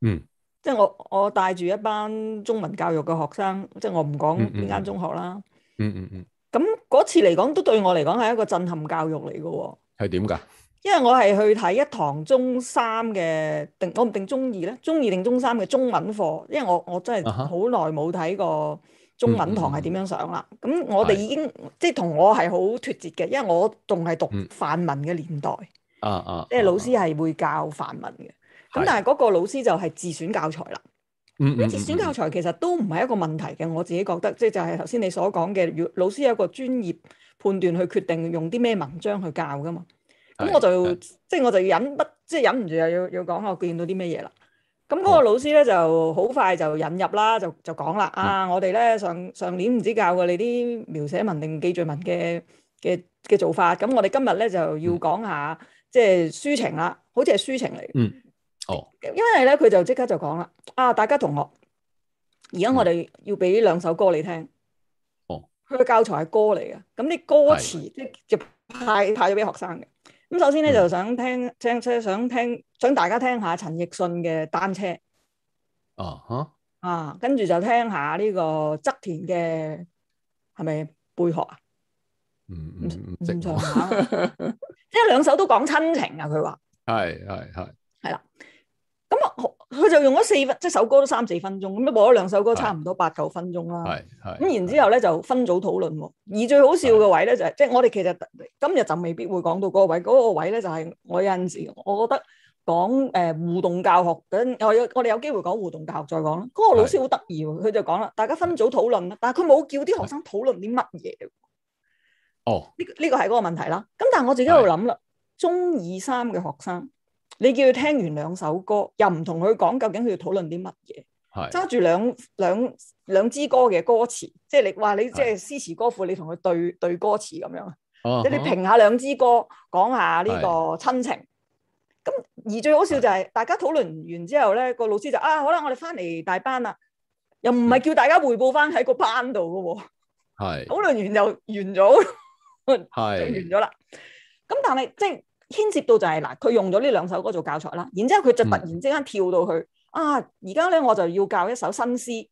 嗯。
即係我我帶住一班中文教育嘅學生，即係我唔講邊間中學啦。嗯嗯嗯。咁嗰次嚟講，都對我嚟講係一個震撼教育嚟嘅。係點噶？因為我係去睇一堂中三嘅定我唔定中二咧，中二定中三嘅中文課，因為我我真係好耐冇睇過
中文堂係
點樣上啦。咁、嗯嗯嗯嗯、我哋已經即係同我係好脫節嘅，因為我仲係讀範文嘅年代。
啊啊！即係
老師係會教範文嘅。咁但係嗰個老師就係自選教材啦。嗯嗯、
嗯。自選教
材其實都唔係一個問題嘅，我自己覺得，即係就係頭先你所講嘅，老師有一個專業判斷去決定用啲咩文章去教㗎嘛。
咁、嗯、我就、嗯、
即係我就忍、嗯就是、忍不住，即係忍唔住又要要講下我見到啲咩嘢啦。咁嗰個老師咧就好快就引入啦，就就講啦，嗯。啊，我哋咧上上年唔知教過你啲描寫文定記敘文嘅嘅嘅做法。咁我哋今日咧就要講下即係抒情啦，好似係抒情嚟。嗯。就是哦、oh.，因為咧佢就即刻就講啦，啊，大家同學，而家我哋要俾兩首歌你聽。哦，佢嘅教材係歌嚟嘅，咁啲歌詞即係派派咗俾學生嘅。咁首先咧就想聽聽車、mm.，想聽想大家聽下陳奕迅嘅單車。
哦，
吓，啊，跟住就聽下呢、這個側田嘅係咪貝殼啊？嗯嗯，唔錯啊，即係兩首都講親情啊，佢話
係係係
係啦。Mm-hmm. 佢就用咗四分，即首歌都三四分鐘，咁一播咗兩首歌，差唔多八九分鐘啦。係係咁，然之後咧就分組討論。而最好笑嘅位咧就係、是，即係我哋其實今日就未必會講到嗰個位。嗰、那個位咧就係我有陣時，我覺得講誒、呃、互動教學咁，我有我哋有機會講互動教學再講啦。嗰、那個老師好得意，佢就講啦，大家分組討論，但係佢冇叫啲學生討論啲乜嘢。哦，呢、
這、
呢個係嗰、這個、個問題啦。咁但係我自己喺度諗啦，中二三嘅學生。你叫佢聽完兩首歌，又唔同佢講究竟佢要討論啲乜嘢？揸住兩兩兩支歌嘅歌詞，即係你話你即係詩詞歌賦，你同佢對對歌詞咁樣，
哦、即係你評
下兩支歌，講下呢個親情。咁而最好笑就係大家討論完之後咧，個老師就啊，好啦，我哋翻嚟大班啦，又唔係叫大家彙報翻喺個班度嘅喎。
係討
論完就完咗，係 [laughs] 完咗啦。咁但係即係。就是牽涉到就係、是、嗱，佢用咗呢兩首歌做教材啦，然之後佢就突然之間跳到去、嗯、啊！而家咧我就要教一首新詩。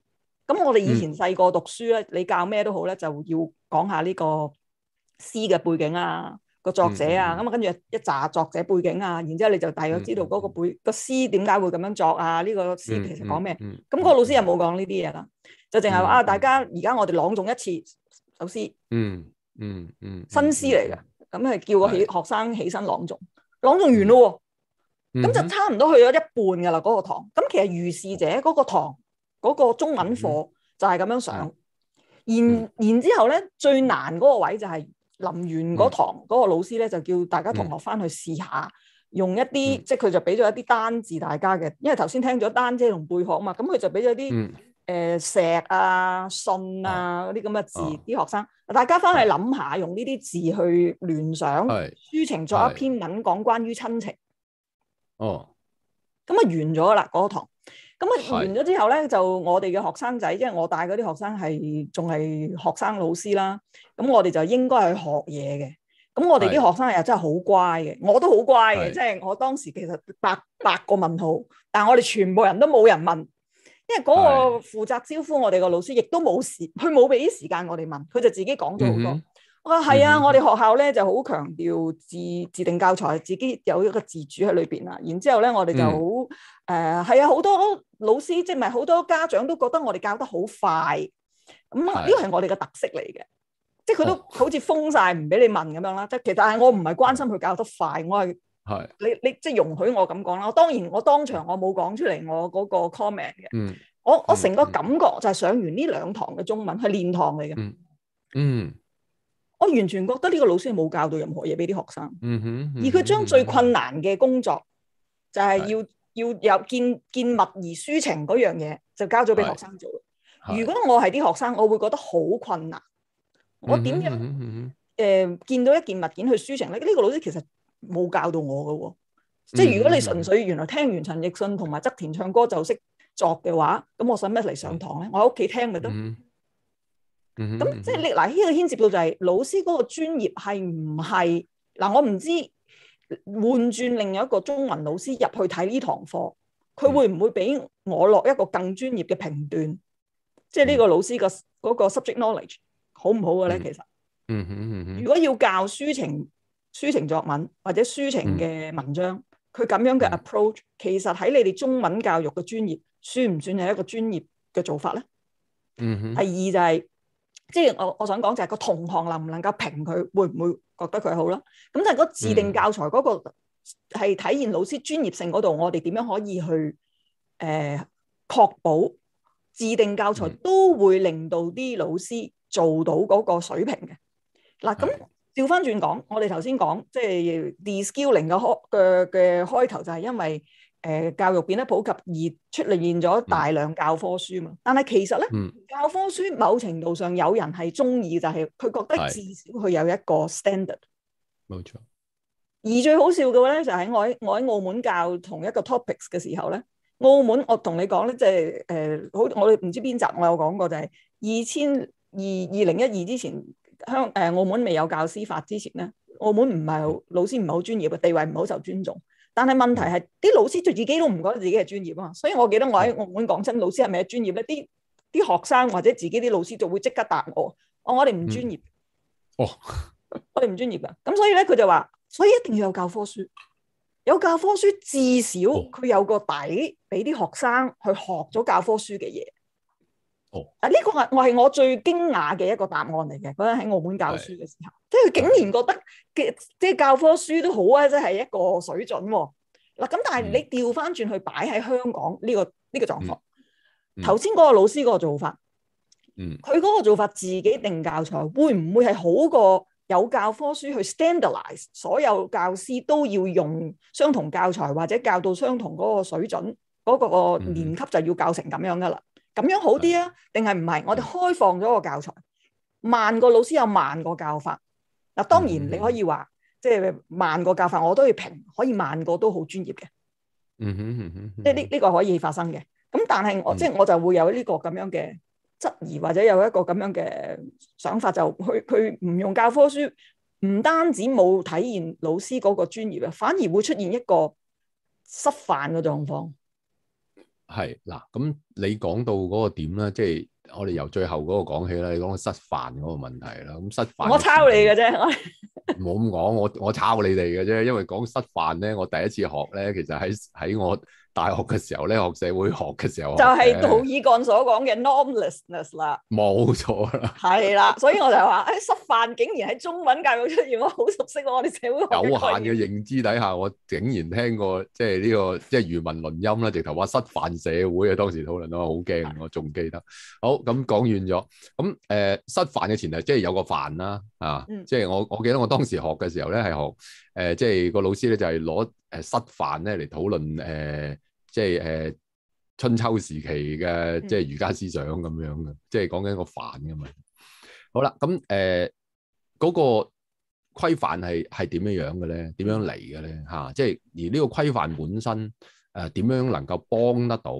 咁我哋以前細個讀書咧、嗯，你教咩都好咧，就要講下呢個詩嘅背景啊，個作者啊，咁啊跟住一查作者背景啊，然之後你就大約知道嗰個背個詩點解會咁樣作啊。呢、這個詩其實講咩？咁、嗯嗯嗯那個老師又冇講呢啲嘢啦，就淨係話啊，大家而家我哋朗誦一次首詩。嗯嗯嗯，新詩嚟嘅。咁係叫個起學生起身朗讀，朗讀完咯喎。咁就差唔多去咗一半噶啦嗰個堂，咁其實如是者嗰個堂嗰、嗰個中文課就係咁樣上，嗯嗯、然然之後咧最難嗰個位就係臨完嗰堂嗰個老師咧就叫大家同學翻去試下，用一啲、嗯、即係佢就俾咗一啲單字大家嘅，因為頭先聽咗單字同背學啊嘛，咁佢就俾咗啲。嗯誒，石啊、信啊嗰啲咁嘅字，啲、嗯、學生，大家翻去諗下，嗯、用呢啲字去聯想，抒、嗯、情作一篇文，講關於親情。
哦、嗯，
咁啊，那個、完咗啦嗰堂，咁啊，完咗之後咧、嗯，就我哋嘅學生仔，即、嗯、係、就是、我帶嗰啲學生係仲係學生老師啦。咁我哋就應該去學嘢嘅。咁我哋啲學生又真係好乖嘅，我都好乖嘅。即、嗯、係、就是、我當時其實百百個問號，但係我哋全部人都冇人問。因為嗰個負責招呼我哋個老師，亦都冇時，佢冇俾啲時間我哋問，佢就自己講咗好多。嗯、我話係啊，嗯、我哋學校咧就好強調自自定教材，自己有一個自主喺裏邊啦。然之後咧，我哋就好誒係啊，好多老師即係唔係好多家長都覺得我哋教得好快咁，呢個係我哋嘅特色嚟嘅。即係佢都好似封晒唔俾你問咁樣啦。即係其實係我唔係關心佢教得快，我係。你你即係、就是、容許我咁講啦，我當然我當場我冇講出嚟我嗰個 comment 嘅，我我成個感覺就係上完呢兩堂嘅中文係練、嗯、堂嚟嘅、嗯，嗯，我完全覺得呢個老師係冇教到任何嘢俾啲學生，嗯
哼，嗯哼，而佢將最困
難嘅工作就係要、嗯嗯、要有見見物而抒情嗰樣嘢，就交咗俾學生做、嗯嗯。如果我係啲學生，我會覺得好困難，嗯、我點樣誒、嗯呃、見到一件物件去抒情咧？呢、這個老師其實。冇教到我噶、哦，即係如果你純粹原來聽完陳奕迅同埋側田唱歌就識作嘅話，咁我使咩嚟上堂咧？我喺屋企聽咪得。
咁、嗯嗯嗯、即
係你嗱呢個牽涉到就係、是、老師嗰個專業係唔係嗱？我唔知道換轉另一個中文老師入去睇呢堂課，佢會唔會俾我落一個更專業嘅評斷？即係呢個老師個嗰、那個 subject knowledge 好唔好嘅咧？其實，嗯嗯嗯嗯，如果要教書程。抒情作文或者抒情嘅文章，佢、嗯、咁樣嘅 approach，其實喺你哋中文教育嘅專業算唔算係一個專業嘅做法咧？嗯哼。第二就係、是，即係我我想講就係、是、個同行能唔能夠評佢，會唔會覺得佢好啦？咁就係嗰自定教材嗰、那個係、嗯、體現老師專業性嗰度，我哋點樣可以去誒、呃、確保自定教材、嗯、都會令到啲老師做到嗰個水平嘅？嗱咁。調返轉講，我哋頭先講即係、就是、de-skilling 嘅開嘅嘅開頭就係因為誒、呃、教育變得普及而出嚟現咗大量教科書嘛。嗯、但係其實咧、嗯，教科書某程度上有人係中意，就係、是、佢覺得至少佢有一個 standard。
冇錯。
而最好笑嘅咧就係、是、我喺我喺澳門教同一個 topics 嘅時候咧，澳門我同你講咧即係誒好，我哋唔知邊集我有講過就係二千二二零一二之前。香誒澳門未有教師法之前咧，澳門唔係好老師唔係好專業嘅地位唔好受尊重。但係問題係啲老師就自己都唔覺得自己係專業啊。所以我記得我喺澳門講親，老師係咪專業咧？啲啲學生或者自己啲老師就會即刻答我：哦、我我哋唔專業、嗯。哦，我哋唔專業啊！咁所以咧，佢就話：所以一定要有教科書，有教科書至少佢有個底，俾啲學生去學咗教科書嘅嘢。哦，啊呢個我我係我最驚訝嘅一個答案嚟嘅，嗰陣喺澳門教書嘅時候，即係竟然覺得嘅即係教科書都好啊，即係一個水準。嗱咁，但係你調翻轉去擺喺香港呢個呢個狀況，
頭先
嗰個老師個做法，嗯，佢嗰個做法自己定教材，會唔會係好過有教科書去 standardize，所有教師都要用相同教材，或者教到相同嗰個水準，嗰個年級就要教成咁樣噶啦？咁樣好啲啊？定係唔係？我哋開放咗個教材，萬個老師有萬個教法。嗱，當然你可以話，即係萬個教法，我都要評，可以萬個都好專業嘅。嗯
哼嗯哼，即
係呢呢個可以發生嘅。咁但係我即係、就是、我就會有呢個咁樣嘅質疑，或者有一個咁樣嘅想法，就去佢唔用教科書，唔單止冇體現老師嗰個專業啊，反而會出現一個失範嘅狀況。
係嗱，咁你講到嗰個點咧，即係我哋由最後嗰個講起啦。你講個失範嗰個問題啦，咁失範我抄你嘅啫。
冇咁
講，我我抄你哋嘅啫，因為講失範咧，我第一次學咧，其實喺喺我。大學嘅時候咧，學社會學嘅時候的，就係、是、杜爾
乾所講嘅 normlessness 啦，
冇錯啦，
係啦，所以我就話，誒失範竟然喺中文教育出現，我好熟悉我哋社會學有限
嘅認知底下，我竟然聽過即係呢、這個即係魚文輪音啦，直頭話失範社會啊，當時討論到我好驚，我仲記得。好咁講完咗，咁誒、呃、失範嘅前提即係有個範啦，啊，嗯、即係我我記得我當時學嘅時候咧，係學誒、呃、即係個老師咧就係攞。誒，失範咧嚟討論誒，即係誒春秋時期嘅即係儒家思想咁樣嘅，嗯，即係講緊一個範噶嘛。好啦，咁誒嗰個規範係係點樣呢樣嘅咧？點樣嚟嘅咧？吓，即係而呢個規範本身誒，點，啊，樣能夠幫得到？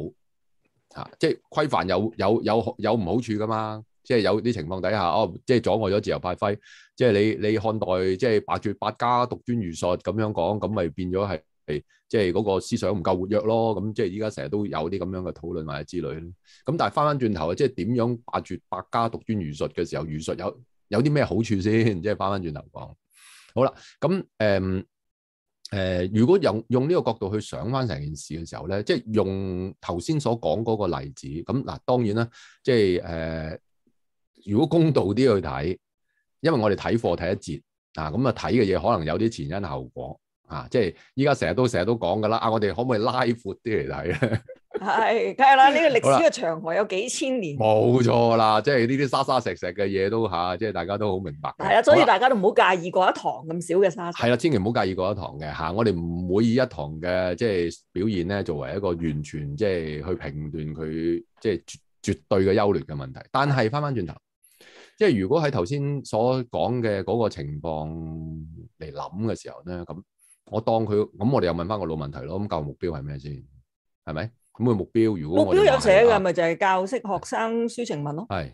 吓，啊，即係規範有有有有唔好處噶嘛？即係有啲情況底下，哦，即係阻礙咗自由發揮，即係你你看待即係罷黜百家獨尊儒術咁樣講，咁咪變咗係即係嗰個思想唔夠活躍咯。咁即係依家成日都有啲咁樣嘅討論或者之類。咁但係翻翻轉頭啊，即係點樣罷黜百家獨尊儒術嘅時候，儒術有有啲咩好處先？即係翻翻轉頭講好啦。咁誒誒，如果用用呢個角度去想翻成件事嘅時候咧，即係用頭先所講嗰個例子。咁嗱，當然啦，即係誒。呃如果公道啲去睇，因為我哋睇課睇一節啊，咁啊睇嘅嘢可能有啲前因後果啊，即係依家成日都成日都講㗎啦、啊，我哋可唔可以拉闊啲嚟睇咧？係， [laughs] 梗係
啦，呢、呢個歷史嘅長河有幾千年，
冇錯啦，即係呢啲沙沙石石嘅嘢都嚇、啊，即係大家都好明白嘅。係啊，所以大家
都唔好介意過一堂咁少嘅沙石。係
啦、啊，千祈唔好介意過一堂嘅嚇、啊，我哋唔會以一堂嘅即係表現咧作為一個完全即係、就是、去評斷佢即係絕絕對嘅優劣嘅問題。但係翻翻轉頭。即係如果喺頭先所講嘅嗰個情況嚟諗嘅時候咧，咁我當佢咁，我哋又問翻個老問題咯。咁教育目標係咩先？係咪？咁佢目標如果目標有寫嘅，
咪就係教識學生抒情文咯。
係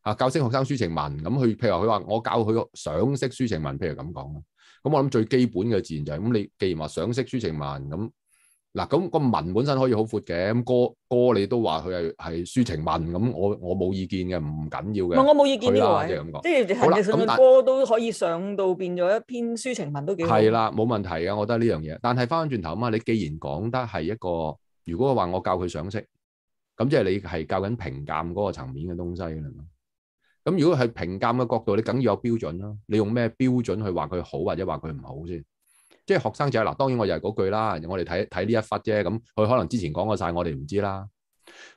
啊，教識學生抒情文，咁佢譬如話佢話我教佢想識抒情文，譬如咁講啦。咁我諗最基本嘅自然就係、是、咁。你既然話想識抒情文咁。嗱，咁個文本身可以好闊嘅，咁歌歌你都話佢係係抒情文咁，我我冇意見嘅，唔緊要嘅。我冇意見呢個啦、即係咁講，即係其實歌
都可以上到變咗一篇抒情文都幾。係啦，
冇問題嘅，我覺得呢樣嘢。但係翻返轉頭啊嘛，你既然講得係一個，如果話我教佢賞識，咁即係你係教緊評鑑嗰個層面嘅東西啦。咁如果係評鑑嘅角度，你梗要有標準啦。你用咩標準去話佢好或者話佢唔好先？即係學生仔嗱，當然我又係嗰句啦。我哋睇睇呢一忽啫，咁佢可能之前講過晒，我哋唔知啦。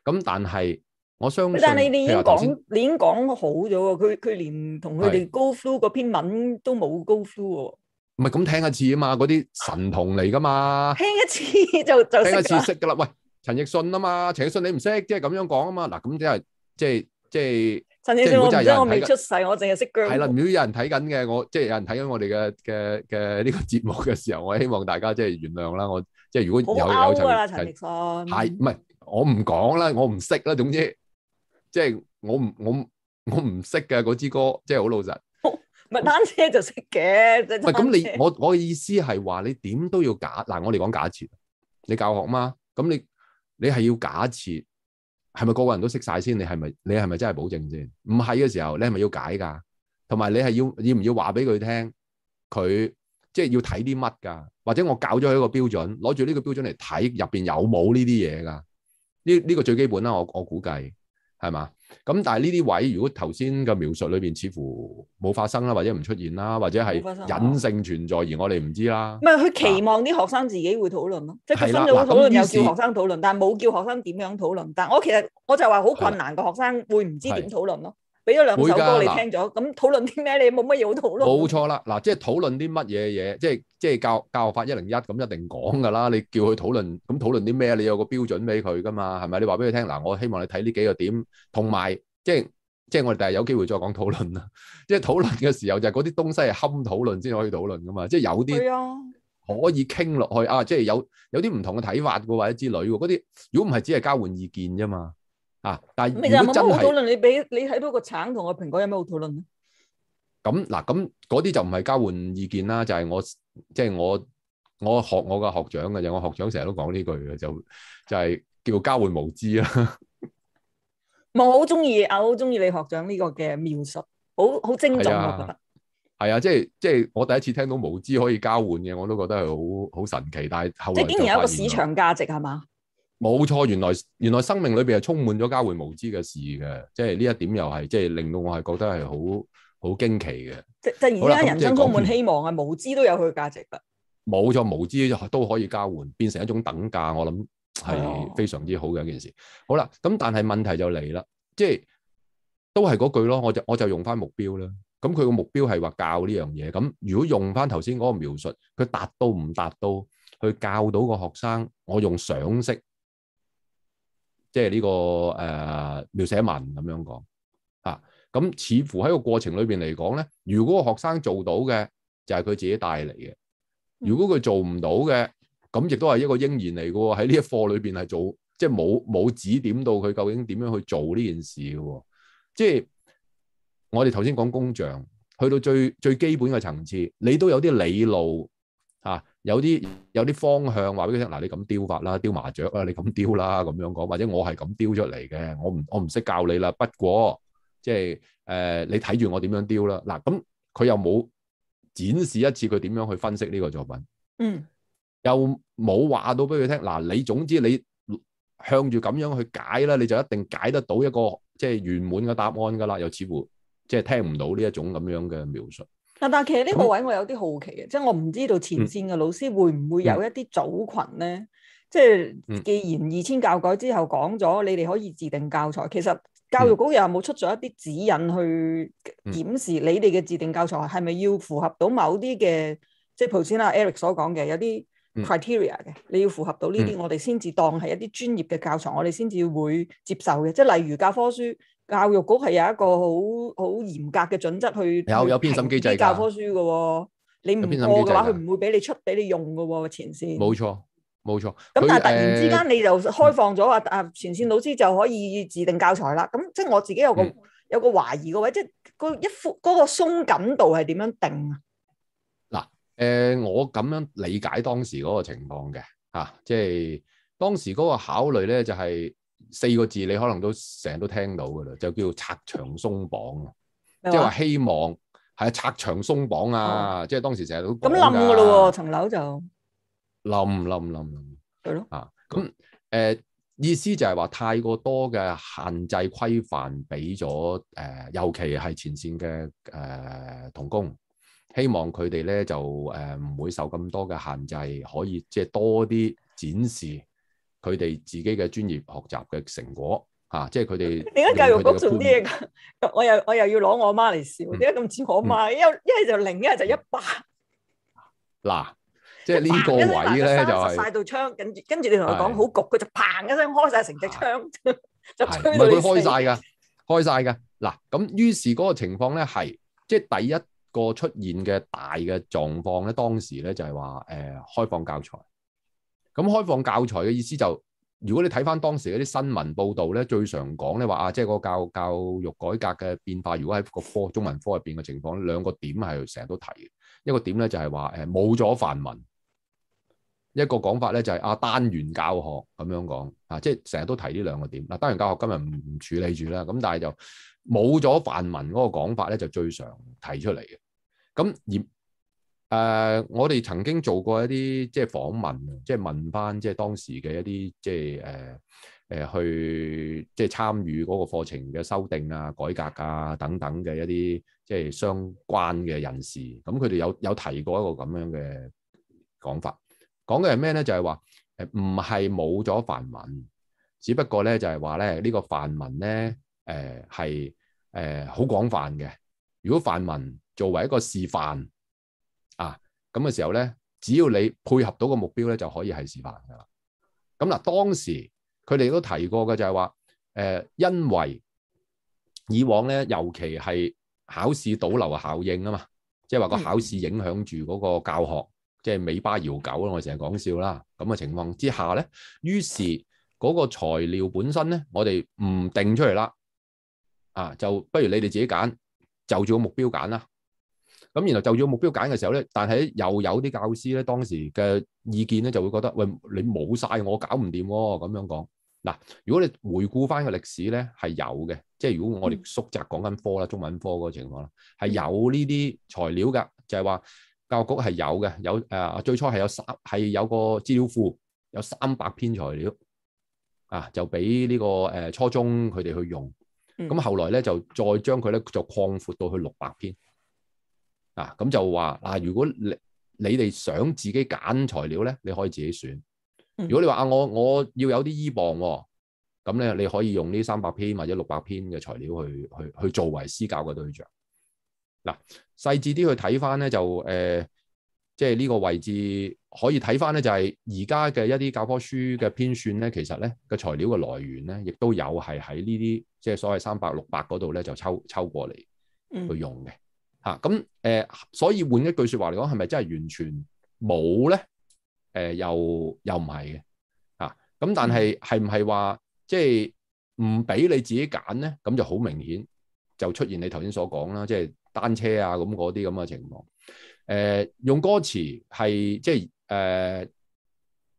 咁但係我相信，但係你已經講，說
你已經講好咗喎。佢佢連同佢哋 go through 嗰篇文都冇 go through
喎。唔係咁聽一次啊嘛，嗰啲神童嚟噶嘛，
聽一次就就聽一次識
噶啦。喂，陳奕迅啊嘛，陳奕迅你唔識，即係咁樣講啊嘛。嗱，咁即係即係即係。甚至乎，或者我未出世，我淨
係識歌。係啦，如
果有人睇緊嘅，我即係、就是、有人睇緊我哋嘅嘅嘅呢個節目嘅時候，我希望大家即係原諒啦。我即係、就是、如果有有，有陳奕迅，
係唔係？
我唔講啦，我唔識啦。總之，即、就、係、是、我唔我我唔識嘅嗰支歌，即係好老實。
唔 [laughs] 係單車就識嘅，唔咁。你我
我嘅意思係話，你點都要假嗱。我哋講假設，你教學嘛。咁你你係要假設。係咪個個人都識晒先？你係咪你係咪真係保證先？唔係嘅時候，你係咪要解㗎？同埋你係要要唔要話俾佢聽？佢即係要睇啲乜㗎？或者我搞咗佢一個標準，攞住呢個標準嚟睇入面有冇呢啲嘢㗎？呢呢個最基本啦，我我估計。係嘛？咁但係呢啲位，如果頭先嘅描述裏邊，似乎冇發生啦，或者唔出現啦，或者係隱性存在而我哋唔知啦。
唔係佢期望啲學生自己會討論咯、啊，即係佢心中討論有叫學生討論，啊、但係冇叫學生點樣討論。但係我其實我就話好困難，個學生會唔知點討論咯。俾咗兩首歌你聽咗，咁討論啲咩？你冇乜嘢好討論。冇錯
啦，嗱，即係討論啲乜嘢嘢，即係即係教教法一零一咁一定講噶啦。你叫佢討論，咁討論啲咩？你有個標準俾佢噶嘛，係咪？你話俾佢聽嗱，我希望你睇呢幾個點，同埋即係即係我哋第日有機會再講討論啊。即 [laughs] 係討論嘅時候，就係嗰啲東西係堪討論先可以討論噶嘛。即係有啲可以傾落去啊，即係有有啲唔同嘅睇法喎，或者之類嗰啲，如果唔係只係交換意見啫嘛。啊！但係如果真係，
你俾你睇到個橙同個蘋果有咩好討論咧？
咁嗱，咁嗰啲就唔係交換意見啦，就係、係、我即係、就係、我我學我個學長嘅，就係、我學長成日都講呢句嘅，就就係、係、叫交換無知啦。
我好中意，我好中意你學長呢個嘅描述，好好精準啊，我覺
得係啊，即係即係我第一次聽到無知可以交換嘅，我都覺得係好好神奇。但係後即、就係、竟然有一個市場
價值係嘛？
冇錯，原來原來生命裏邊係充滿咗交換無知嘅事嘅，即係呢一點又係即係令到我係覺得係好好驚奇嘅。
即係而家人生充滿希望啊，無知都有佢嘅價值嘅。
冇錯，無知都可以交換，變成一種等價，我諗係非常之好嘅一件事。哦、好啦，咁但係問題就嚟啦，即係都係嗰句咯，我就我就用翻目標啦。咁佢個目標係話教呢樣嘢，咁如果用翻頭先嗰個描述，佢達到唔達到去教到個學生，我用賞識。即係呢、這個誒描、呃、寫文咁樣講啊，咁似乎喺個過程裏面嚟講咧，如果個學生做到嘅就係、是、佢自己帶嚟嘅；如果佢做唔到嘅，咁亦都係一個嬰兒嚟嘅喎。喺呢一課裏面係做，即係冇冇指點到佢究竟點樣去做呢件事嘅喎、啊。即係我哋頭先講工匠，去到最最基本嘅層次，你都有啲理路、啊有啲有啲方向話俾佢聽，嗱，你咁雕法啦，雕麻雀啊，你咁雕啦咁樣講，或者我係咁雕出嚟嘅，我唔我唔識教你啦。不過即係誒，你睇住我點樣雕啦。嗱咁佢又冇展示一次佢點樣去分析呢個作品，嗯，又冇話到俾佢聽。嗱、啊、你總之你向住咁樣去解啦，你就一定解得到一個即係圓滿嘅答案㗎啦。又似乎即係、就是、聽唔到呢一種咁樣嘅描述。
嗱，但係其實呢個位我有啲好奇嘅，即係我唔知道前線嘅老師會唔會有一啲組群咧、嗯？即係既然二千教改之後講咗，你哋可以自定教材，其實教育局又係冇出咗一啲指引去檢視你哋嘅自定教材係咪要符合到某啲嘅？即係頭先阿 Eric 所講嘅，有啲 criteria 嘅，你要符合到呢啲、嗯，我哋先至當係一啲專業嘅教材，我哋先至會接受嘅。即係例如教科書。教育局係有一個好好嚴格嘅準則去有有編審機制，教科書嘅喎，你唔過嘅話，佢唔會俾你出俾你用嘅喎，前線。冇錯，
冇錯。咁但係突然之間、呃、
你就開放咗啊啊！前線老師就可以自定教材啦。咁、嗯、即係我自己有個有個懷疑嘅位，即、嗯、係、就是、一嗰、嗰個鬆緊度係點樣定啊？
嗱，誒、我咁樣理解當時嗰個情況嘅，吓、啊、即、就、係、是、當時嗰個考慮咧就係、是。四個字你可能都成日都聽到㗎喇，就叫拆牆、就是、是拆牆鬆綁啊！嗯、即係話希望係拆牆鬆綁啊！即係當時成日都咁冧㗎咯喎，層樓就冧冧冧冧，係
咯
啊，咁誒意思就係話太過多嘅限制規範俾咗誒，尤其係前線嘅誒、呃、同工，希望佢哋咧就誒唔、呃、會受咁多嘅限制，可以即係、就是、多啲展示。佢哋自己嘅專業學習嘅成果，嚇、啊，即係佢哋。點解教育局做啲嘢
㗎？我又我又要攞我媽嚟笑，點解咁似我媽、嗯嗯？因為一一係就零，一係就一百。
嗱，即係呢個位咧就係、是。曬到
窗，跟住跟住你同佢講好焗，佢就砰一聲、就是、開晒成隻窗，就窗唔係佢開晒
㗎，開晒㗎。嗱，咁於是嗰個情況咧係，即係第一個出現嘅大嘅狀況咧，當時咧就係話誒開放教材。咁開放教材嘅意思就是，如果你睇翻當時嗰啲新聞報導咧，最常講咧話啊，即係個教教育改革嘅變化，如果喺個科中文科入邊嘅情況，兩個點係成日都提嘅。一個點咧就係話誒冇咗範文，一個講法咧就係啊單元教學咁樣講啊，即係成日都提呢兩個點。嗱，單元教學今日唔唔處理住啦，咁但係就冇咗範文嗰個講法咧，就最常提出嚟嘅。咁而誒、uh，我哋曾經做過一啲即係訪問，即係問翻即係當時嘅一啲即係誒誒去即係參與嗰個課程嘅修訂啊、改革啊等等嘅一啲即係相關嘅人士，咁佢哋有有提過一個咁樣嘅講法，講嘅係咩咧？就係話誒，唔係冇咗範文，只不過咧就係話咧呢、這個範文咧誒係誒好廣泛嘅，如果範文作為一個示範。咁嘅時候咧，只要你配合到個目標咧，就可以係示範㗎喇。咁嗱，當時佢哋都提過嘅就係話，誒、呃，因為以往咧，尤其係考試倒流效應啊嘛，即係話個考試影響住嗰個教學，即係尾巴搖狗啦，我成日講笑啦。咁嘅情況之下咧，於是嗰個材料本身咧，我哋唔定出嚟啦，啊，就不如你哋自己揀，就住個目標揀啦。咁然後就要目標揀嘅時候咧，但係又有啲教師咧，當時嘅意見咧就會覺得，喂，你冇晒，我搞唔掂喎，咁樣講。嗱，如果你回顧翻個歷史咧，係有嘅，即係如果我哋縮窄講緊科啦，嗯、中文科嗰個情況啦，係有呢啲材料噶，嗯、就係話教育局係有嘅，有、啊、最初係有三係有個資料庫，有三百篇材料啊，就俾呢、呢個、啊、初中佢哋去用。咁後來咧就再將佢咧就擴闊到去六百篇。嗱、啊，咁就話、啊、如果你你哋想自己揀材料咧，你可以自己選。如果你話啊，我我要有啲依傍喎，咁咧你可以用呢三百篇或者六百篇嘅材料去去去作為施教嘅對象。嗱、啊，細緻啲去睇翻咧，就誒，即係呢個位置可以睇翻咧，就係而家嘅一啲教科書嘅編纂咧，其實咧個材料嘅來源咧，亦都有係喺、就是、呢啲即係所謂三百六百嗰度咧，就抽抽過嚟去用嘅。啊，咁誒、呃，所以換一句説話嚟講，係咪真係完全冇咧？誒、呃，又又唔係嘅，啊，咁但係係唔係話即係唔俾你自己揀咧？咁就好明顯就出現你頭先所講啦，即係單車啊咁嗰啲咁嘅情況。誒、呃，用歌詞係即係誒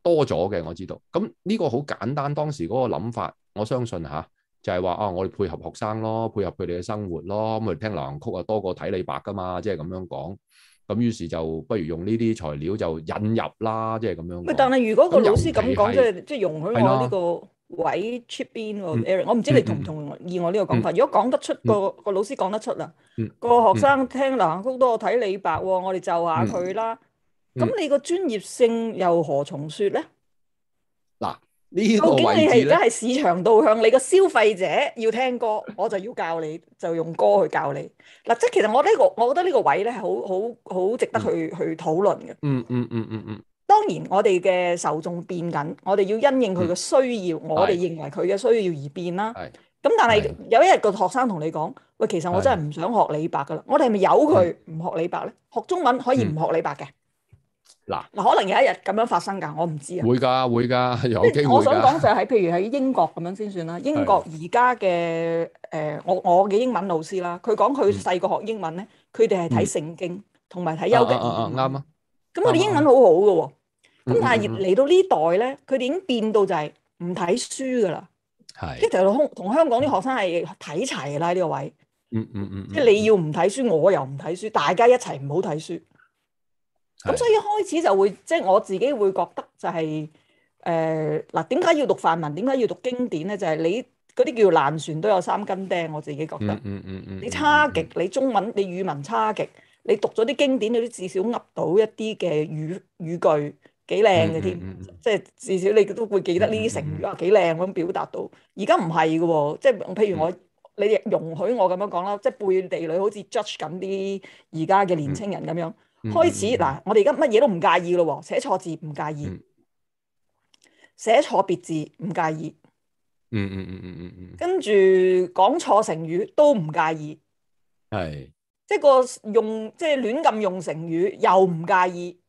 多咗嘅，我知道。咁呢個好簡單，當時嗰個諗法，我相信嚇。啊就係話啊，我哋配合學生咯，配合佢哋嘅生活咯，咁我哋聽流行曲啊，多過睇李白噶嘛，即係咁樣講。咁於是就不如用呢啲材料就引入啦，即係咁樣。喂，但係如果個老師咁講，即係
即係容許我呢個位 chip in，Eric，我唔知你同唔同意我呢個講法。如果講得出個個老師講得出啦，
個學生
聽流行曲多過睇李白，我哋就下佢啦。咁你個專業性又何從說咧？這個、究竟你係而家係市場度向你個消費者要聽歌，我就要教你，就用歌去教你。嗱，即係其實我呢、呢個，我覺得呢個位咧係好好好值得去去討論嘅。嗯
嗯嗯嗯嗯。
當然我哋嘅受眾變緊，我哋要因應佢嘅需要，嗯、我哋認為佢嘅需要而變啦。係、嗯。咁但係有一日個學生同你講，喂，其實我真係唔想學李白噶啦。我哋係咪由佢唔學李白咧？學中文可以唔學李白嘅？嗯嗱嗱，可能有一日咁樣發生噶，我唔知啊。會噶，
會噶，有機會。我想講就
係，譬如喺英國咁樣先算啦。英國而家嘅，誒，我我嘅英文老師啦，佢講佢細個學英文咧，佢哋係睇聖經同埋睇《邱吉爾》。啱啊。咁佢哋英文好好噶喎，
咁、嗯、但係嚟
到代呢代咧，佢哋已經變到就係唔睇書噶啦。係。即係同同香港啲學生係睇齊啦呢個位。嗯嗯嗯。即、
嗯、係、嗯、你
要唔睇書，我又唔睇書，大家一齊唔好睇書。咁所以一開始就會，即、就、係、是、我自己會覺得就係誒嗱，點、呃、解要讀範文？點解要讀經典咧？就係、是、你嗰啲叫爛船都有三斤釘，我自己覺
得。嗯嗯嗯你
差極，嗯嗯、你中文你語文差極，你讀咗啲經典，你都至少噏到一啲嘅語語句幾靚嘅添，即、嗯、係、嗯嗯就是、至少你都會記得呢啲成語啊幾靚咁表達到。而家唔係嘅喎，即、就、係、是、譬如我、嗯，你容許我咁樣講啦，即、就、係、是、背地裏好似 judge 緊啲而家嘅年輕人咁樣。嗯嗯開始嗱，我哋而家乜嘢都唔介意咯，寫錯字唔介意、嗯，寫錯別字唔介意，嗯嗯嗯嗯
嗯嗯，跟
住講錯成語都唔介意，係，即係個用即係亂咁用成語又唔介意，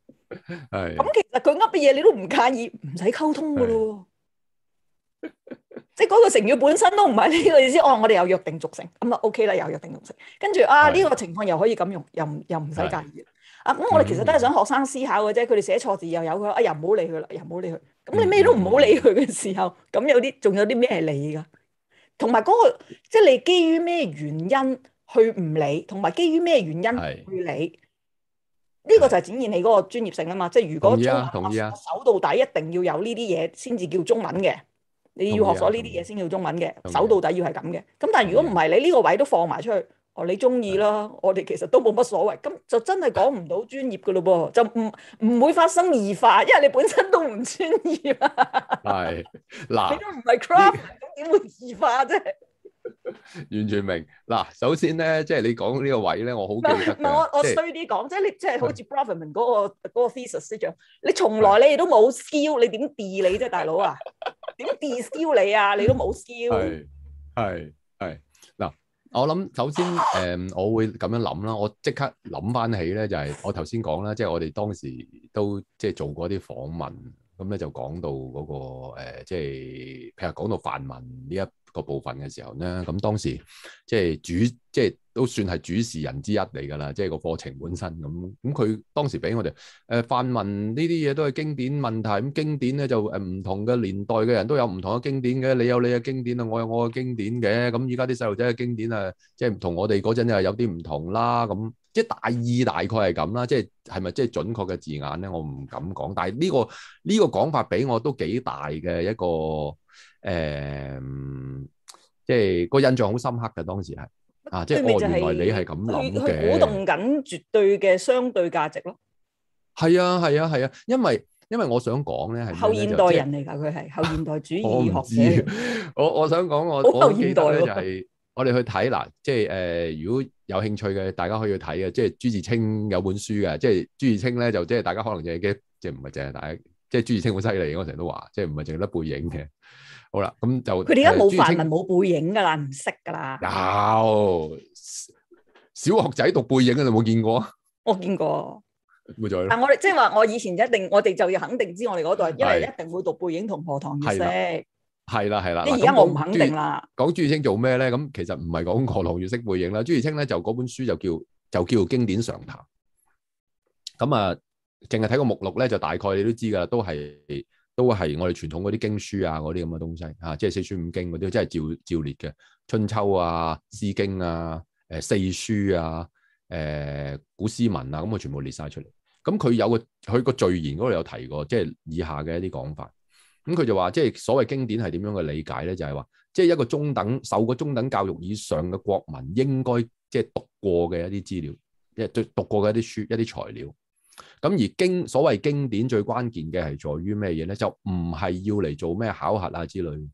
係，咁
其實佢噏嘅嘢你都唔介意，唔使溝通嘅咯，即係嗰個成語本身都唔係呢個意思。哦，我哋有約定俗成，咁、嗯、啊 OK 啦，有約定俗成，跟住啊呢、這個情況又可以咁用，又又唔使介意。咁、啊、我哋其實都係想學生思考嘅啫，佢、嗯、哋寫錯字又有佢，哎呀，唔好理佢啦，又唔好理佢。咁你咩都唔好理佢嘅時候，咁、嗯、有啲仲有啲咩係理噶？同埋嗰個即係、就是、你基於咩原因去唔理，同埋基於咩原因去理？呢、這個就係展現你嗰個專業性啊嘛！即係如果中學守到底，一定要有呢啲嘢先至叫中文嘅、啊啊。你要學咗呢啲嘢先叫中文嘅，守、啊啊、到底要係咁嘅。咁但係如果唔係、啊，你呢個位都放埋出去。哦，你中意啦，我哋其實都冇乜所謂，咁就真係講唔到專業噶咯噃，就唔唔會發生異化，因為你本身都唔專業。係嗱， [laughs] 你都唔係 craft，點會異化啫？
完全明嗱，首先咧，即係你講呢個位咧，我好驚。唔係、就是、我我衰
啲講，即係你即係好似 Braverman t、那、嗰個 thesis，、那個、你從來你都冇 skill，你點 de 你啫，大佬啊，點 [laughs] de-skill 你啊，你都冇 skill。係。
我諗首先，誒、嗯，我會咁樣諗啦。我即刻諗翻起咧、就是，就係、是、我頭先講啦，即係我哋當時都即係、就是、做過啲訪問，咁咧就講到嗰、那個誒，即、呃、係、就是、譬如講到泛民呢一個部分嘅時候咧，咁當時即係、就是、主即係。就是都算係主持人之一嚟噶啦，即係個課程本身咁。咁佢當時俾我哋誒、呃、泛民呢啲嘢都係經典問題。咁經典咧就誒唔同嘅年代嘅人都有唔同嘅經典嘅，你有你嘅經典啦，我有我嘅經典嘅。咁依家啲細路仔嘅經典啊，即係同我哋嗰陣又有啲唔同啦。咁即係大意，大概係咁啦。即係係咪即係準確嘅字眼咧？我唔敢講。但係呢個呢個講法俾我都幾大嘅一個誒，即係個印象好深刻嘅當時係。啊！即係我、哦就是，原來你係咁諗嘅。他他鼓動
緊絕對嘅相對價值咯。
係啊，係啊，係啊，因為因為我想講咧，係後現代人嚟
噶，佢、就、係、是後，就是、後現代主義學者
我 [laughs] 我，我想講我現代我記得咧，就係、是、我哋去睇嗱，即係誒、呃，如果有興趣嘅，大家可以去睇嘅，即係、呃、朱自清有本書嘅，即係朱自清咧就即係大家可能就係嘅，即係唔係淨係大家，即係朱自清好犀利，我成日都話，即係唔係淨係得背影嘅。好啦，咁就佢哋而家冇範文冇
背影噶啦，唔識噶啦。
有小學仔讀背影啊，你有冇見過？
我見過，
冇錯。但係
我哋即係話，我以前一定，我哋就要肯定知我哋嗰代，因為一定會讀背影同荷塘月色。
係啦，係啦。你而家我唔肯定啦。講朱自清做咩咧？咁其實唔係講荷塘月色背影啦，朱自清咧就嗰本書就叫就叫經典常談。咁啊，淨係睇個目錄咧，就大概你都知噶啦，都係。都係我哋傳統嗰啲經書啊，嗰啲咁嘅東西嚇啊，即係四書五經嗰啲，即係照照列嘅春秋啊、詩經啊、誒四書啊、誒古詩文啊，咁我全部列晒出嚟。咁佢有個佢個序言嗰度有提過，即係以下嘅一啲講法。咁佢就話，即係所謂經典係點樣嘅理解咧，就係話即係一個中等受過中等教育以上嘅國民應該即係讀過嘅一啲資料，即係讀過嘅一啲書一啲材料。咁而經所謂經典最關鍵嘅係在於咩嘢呢？就唔係要嚟做咩考核啊之類。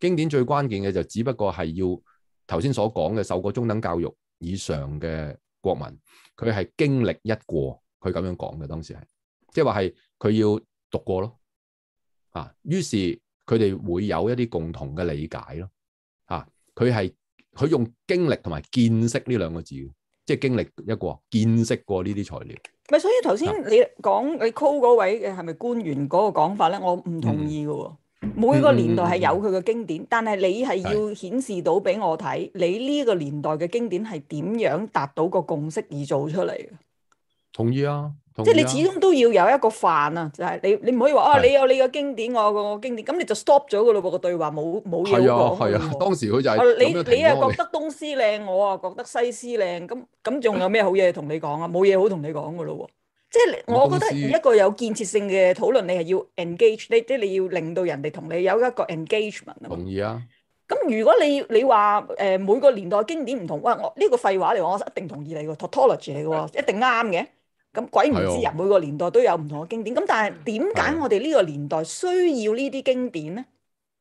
經典最關鍵嘅就只不過係要頭先所講嘅受過中等教育以上嘅國民，佢係經歷一過，佢咁樣講嘅當時係，即係話係佢要讀過咯。啊，於是佢哋會有一啲共同嘅理解咯。佢係佢用經歷同埋見識呢兩個字。即係經歷一個見識過呢啲材料，
咪所以頭先你講你 call 嗰位嘅係咪官員嗰個講法咧？我唔同意㗎喎、嗯，每個年代係有佢嘅經典，嗯、但係你係要顯示到俾我睇，你呢個年代嘅經典係點樣達到個共識而做出嚟嘅？
同意啊！即係你始終
都要有一個範啊，就係你你唔可以話啊，你有你個經典，我個經典，咁你就 stop 咗噶咯喎，個對話冇冇嘢。係啊係啊，
當時佢就你你又覺得
東施靚，我又覺得西施靚，咁咁仲有咩好嘢同你講啊？冇嘢好同你講噶咯喎。即係我覺得而一個有建設性嘅討論，你係要 engage 你，即係你要令到人哋同你有一個 engagement 啊。同意啊。咁如果你你話誒每個年代經典唔同，哇我呢個廢話嚟，我一定同意你個 tautology 嚟噶，一定啱嘅。咁鬼唔知人，每個年代都有唔同嘅經典。咁但係點解我哋呢個年代需要呢啲經典呢？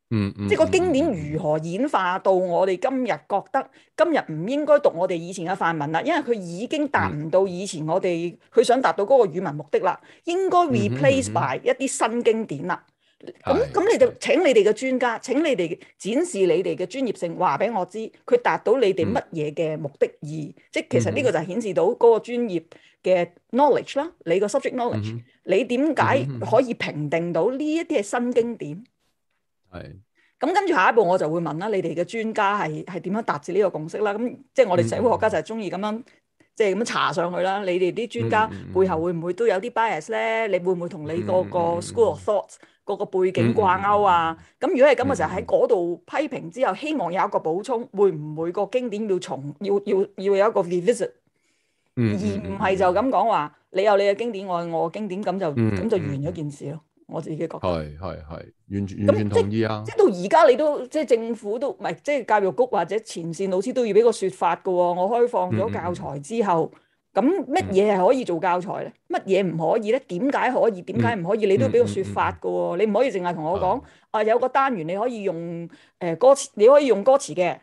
嗯，
嗯即係個經
典如何演化到我哋今日覺得今日唔應該讀我哋以前嘅範文啦，因為佢已經達唔到以前我哋佢想達到嗰個語文目的啦、嗯。應該 replace by、嗯嗯、一啲新經典啦。咁、嗯、咁你就請你哋嘅專家，請你哋展示你哋嘅專業性，話俾我知佢達到你哋乜嘢嘅目的而、嗯、即其實呢個就顯示到嗰個專業。嘅 knowledge 啦、嗯，你個 subject knowledge，你點解可以評定到呢一啲係新經典？
係、
嗯。咁跟住下一步我就會問啦，你哋嘅專家係係點樣達至呢個共識啦？咁即係我哋社會學家就係鍾意咁樣，即係咁查上去啦。你哋啲專家背後會唔會都有啲 bias 咧？你會唔會同你嗰個 school of thoughts 嗰個背景掛鈎啊？咁如果係咁嘅時候喺嗰度批評之後，希望有一個補充，會唔會個經典要重？要要要有一個 revisit？而唔係就咁講話，你有你嘅經典，我有我嘅經典，咁就咁、嗯、就完咗件事咯、嗯。我自己覺得係
係係，完全完全同意啊！即
到而家你都即政府都唔係即教育局或者前線老師都要俾個説法嘅喎、哦。我開放咗教材之後，咁乜嘢係可以做教材咧？乜嘢唔可以咧？點解可以？點解唔可以？你都要俾個説法嘅喎、哦嗯。你唔可以淨係同我講、嗯、啊，有個單元你可以用誒、呃、歌詞，你可以用歌詞嘅。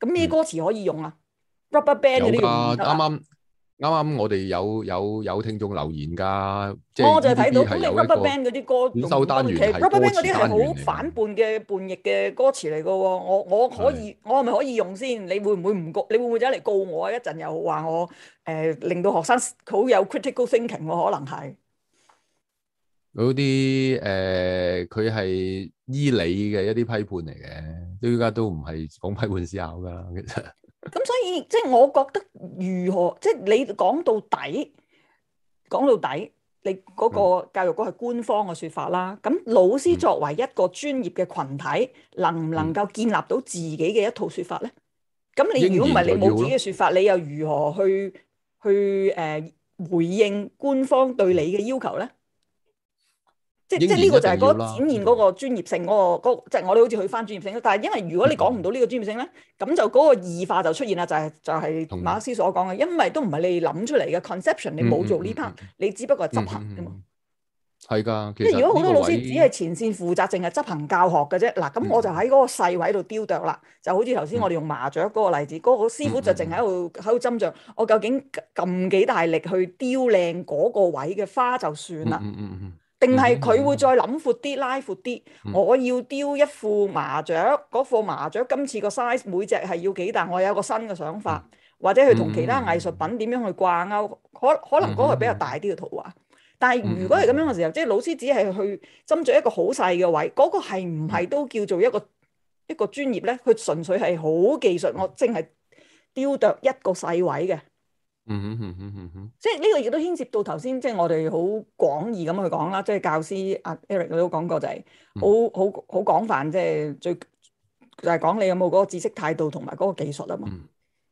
咁咩歌詞可以用啊、嗯、？Rubberband 嗰啲用唔得。啱啱。剛剛
啱啱我哋有有有聽眾留言噶，即係我就係睇到。收單元
係歌單元。Rubber Band 嗰啲係好反叛嘅叛逆嘅歌詞嚟噶，我我可以我係咪可以用先？你會唔會唔告？你會唔會就嚟告我啊？一陣又話我誒令到學生好有 critical thinking 喎，可能係
嗰啲誒，佢係依理嘅一啲批判嚟嘅，依家都唔係講批判思考噶啦。其實。
咁所以即係、就是、我覺得如何即係、就是、你講到底講到底，你嗰個教育局係官方嘅說法啦。咁老師作為一個專業嘅群體，能唔能夠建立到自己嘅一套說法咧？咁你如果唔係你冇自己嘅說法，你又如何去去誒回應官方對你嘅要求咧？即係呢個就係嗰展現嗰個專業性嗰、那個即係、那個就是、我哋好似去翻專業性，但係因為如果你講唔到呢個專業性咧，咁、嗯、就嗰個異化就出現啦，就係、是、就係、是、馬克思所講嘅，因為都唔係你諗出嚟嘅、嗯、conception，你冇做呢 part、嗯、你只不過係執行啫
嘛。係、嗯、㗎，即、嗯、係、嗯嗯嗯嗯、如果好多老師只係
前線負責，淨係執行教學嘅啫。嗱，咁我就喺嗰個細位度雕琢啦，就好似頭先我哋用麻雀嗰個例子，嗰、嗯那個師傅就淨喺度喺度斟酌，我究竟撳幾大力去雕靚嗰個位嘅花就算啦。嗯嗯嗯嗯定係佢會再諗闊啲，拉闊啲。我要雕一副麻雀，嗰副麻雀今次個 size 每隻係要幾大？我有個新嘅想法，或者去同其他藝術品點樣去掛鈎？可可能嗰個比較大啲嘅圖畫。但係如果係咁樣嘅時候，即係老師只係去針著一個好細嘅位，嗰個係唔係都叫做一個一個專業咧？佢純粹係好技術，我淨係雕琢一個細位嘅。
嗯哼
嗯哼嗯嗯嗯嗯，即係呢個亦都牽涉到頭先，即係我哋好廣義咁去講啦，即係教師阿 Eric 都講過就係好好好廣泛，即、就、係、是、最就係、是、講你有冇嗰個知識態度同埋嗰個技術啊嘛。咁、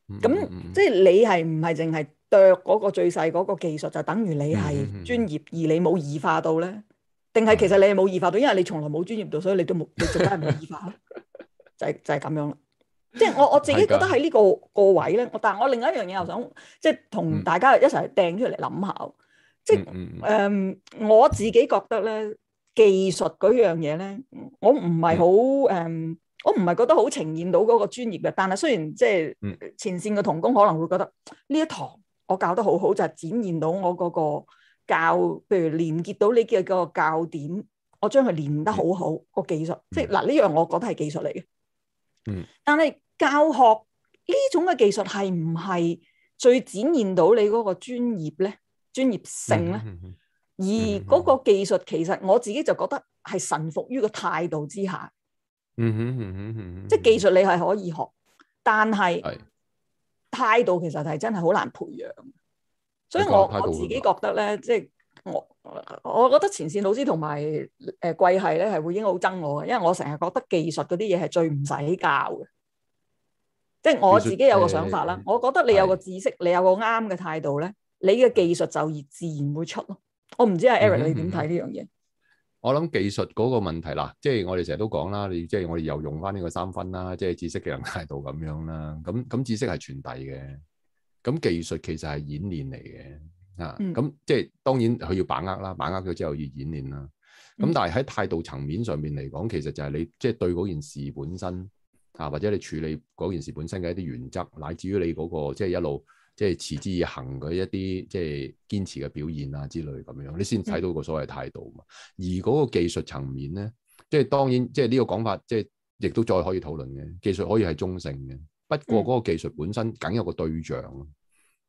嗯嗯嗯、即係你係唔係淨係對嗰個最細嗰個技術，就等於你係專業而你冇異化到咧？定係其實你係冇異化到，因為你從來冇專業到，所以你都冇，你做咩唔異化咧、 [laughs] 就是？就就係咁樣啦。即係我我自己覺得喺呢個個位咧，我但係我另外一樣嘢又想，即係同大家一齊掟出嚟諗下。即係誒，我自己覺得咧、這個這個嗯嗯嗯，技術嗰樣嘢咧，我唔係好誒，我唔係覺得好呈現到嗰個專業嘅。但係雖然即係前線嘅同工可能會覺得呢、嗯、一堂我教得好好，就係、是、展現到我嗰個教，譬如連結到你嘅嗰個教點，我將佢練得好好、嗯這個技術、嗯。即係嗱，呢樣、這個、我覺得係技術嚟嘅。嗯，但係。教學呢種嘅技術係唔係最展現到你嗰個專業咧、專業性咧？而嗰個技術其實我自己就覺得係臣服於個態度之下。嗯
[laughs] 哼即係技
術你係可以學，但係態度其實係真係好難培養。所以我 [laughs] 我自己覺得咧，即係我我覺得前線老師同埋誒貴係咧係會應該好憎我嘅，因為我成日覺得技術嗰啲嘢係最唔使教嘅。即係我自己有個想法啦、呃，我覺得你有個知識，你有個啱嘅態度咧，你嘅技術就而自然會出咯。我唔知阿、啊、Eric、嗯、你點睇呢樣嘢？
我諗技術嗰個問題啦，即係我哋成日都講啦，你即係我哋又用翻呢個三分啦，即係知識、技能、態度咁樣啦。咁咁知識係傳遞嘅，咁技術其實係演練嚟嘅啊。咁即係當然佢要把握啦，把握咗之後要演練啦。咁但係喺態度層面上面嚟講，其實就係你即係對嗰件事本身。啊，或者你處理嗰件事本身嘅一啲原則，乃至於你嗰、那個即係、就是、一路即係、就是、持之以恒嘅一啲即係堅持嘅表現啊之類咁樣，你先睇到個所謂的態度嘛。而嗰個技術層面咧，即、就、係、是、當然即係呢個講法，即係亦都再可以討論嘅。技術可以係中性嘅，不過嗰個技術本身梗有個對象啊，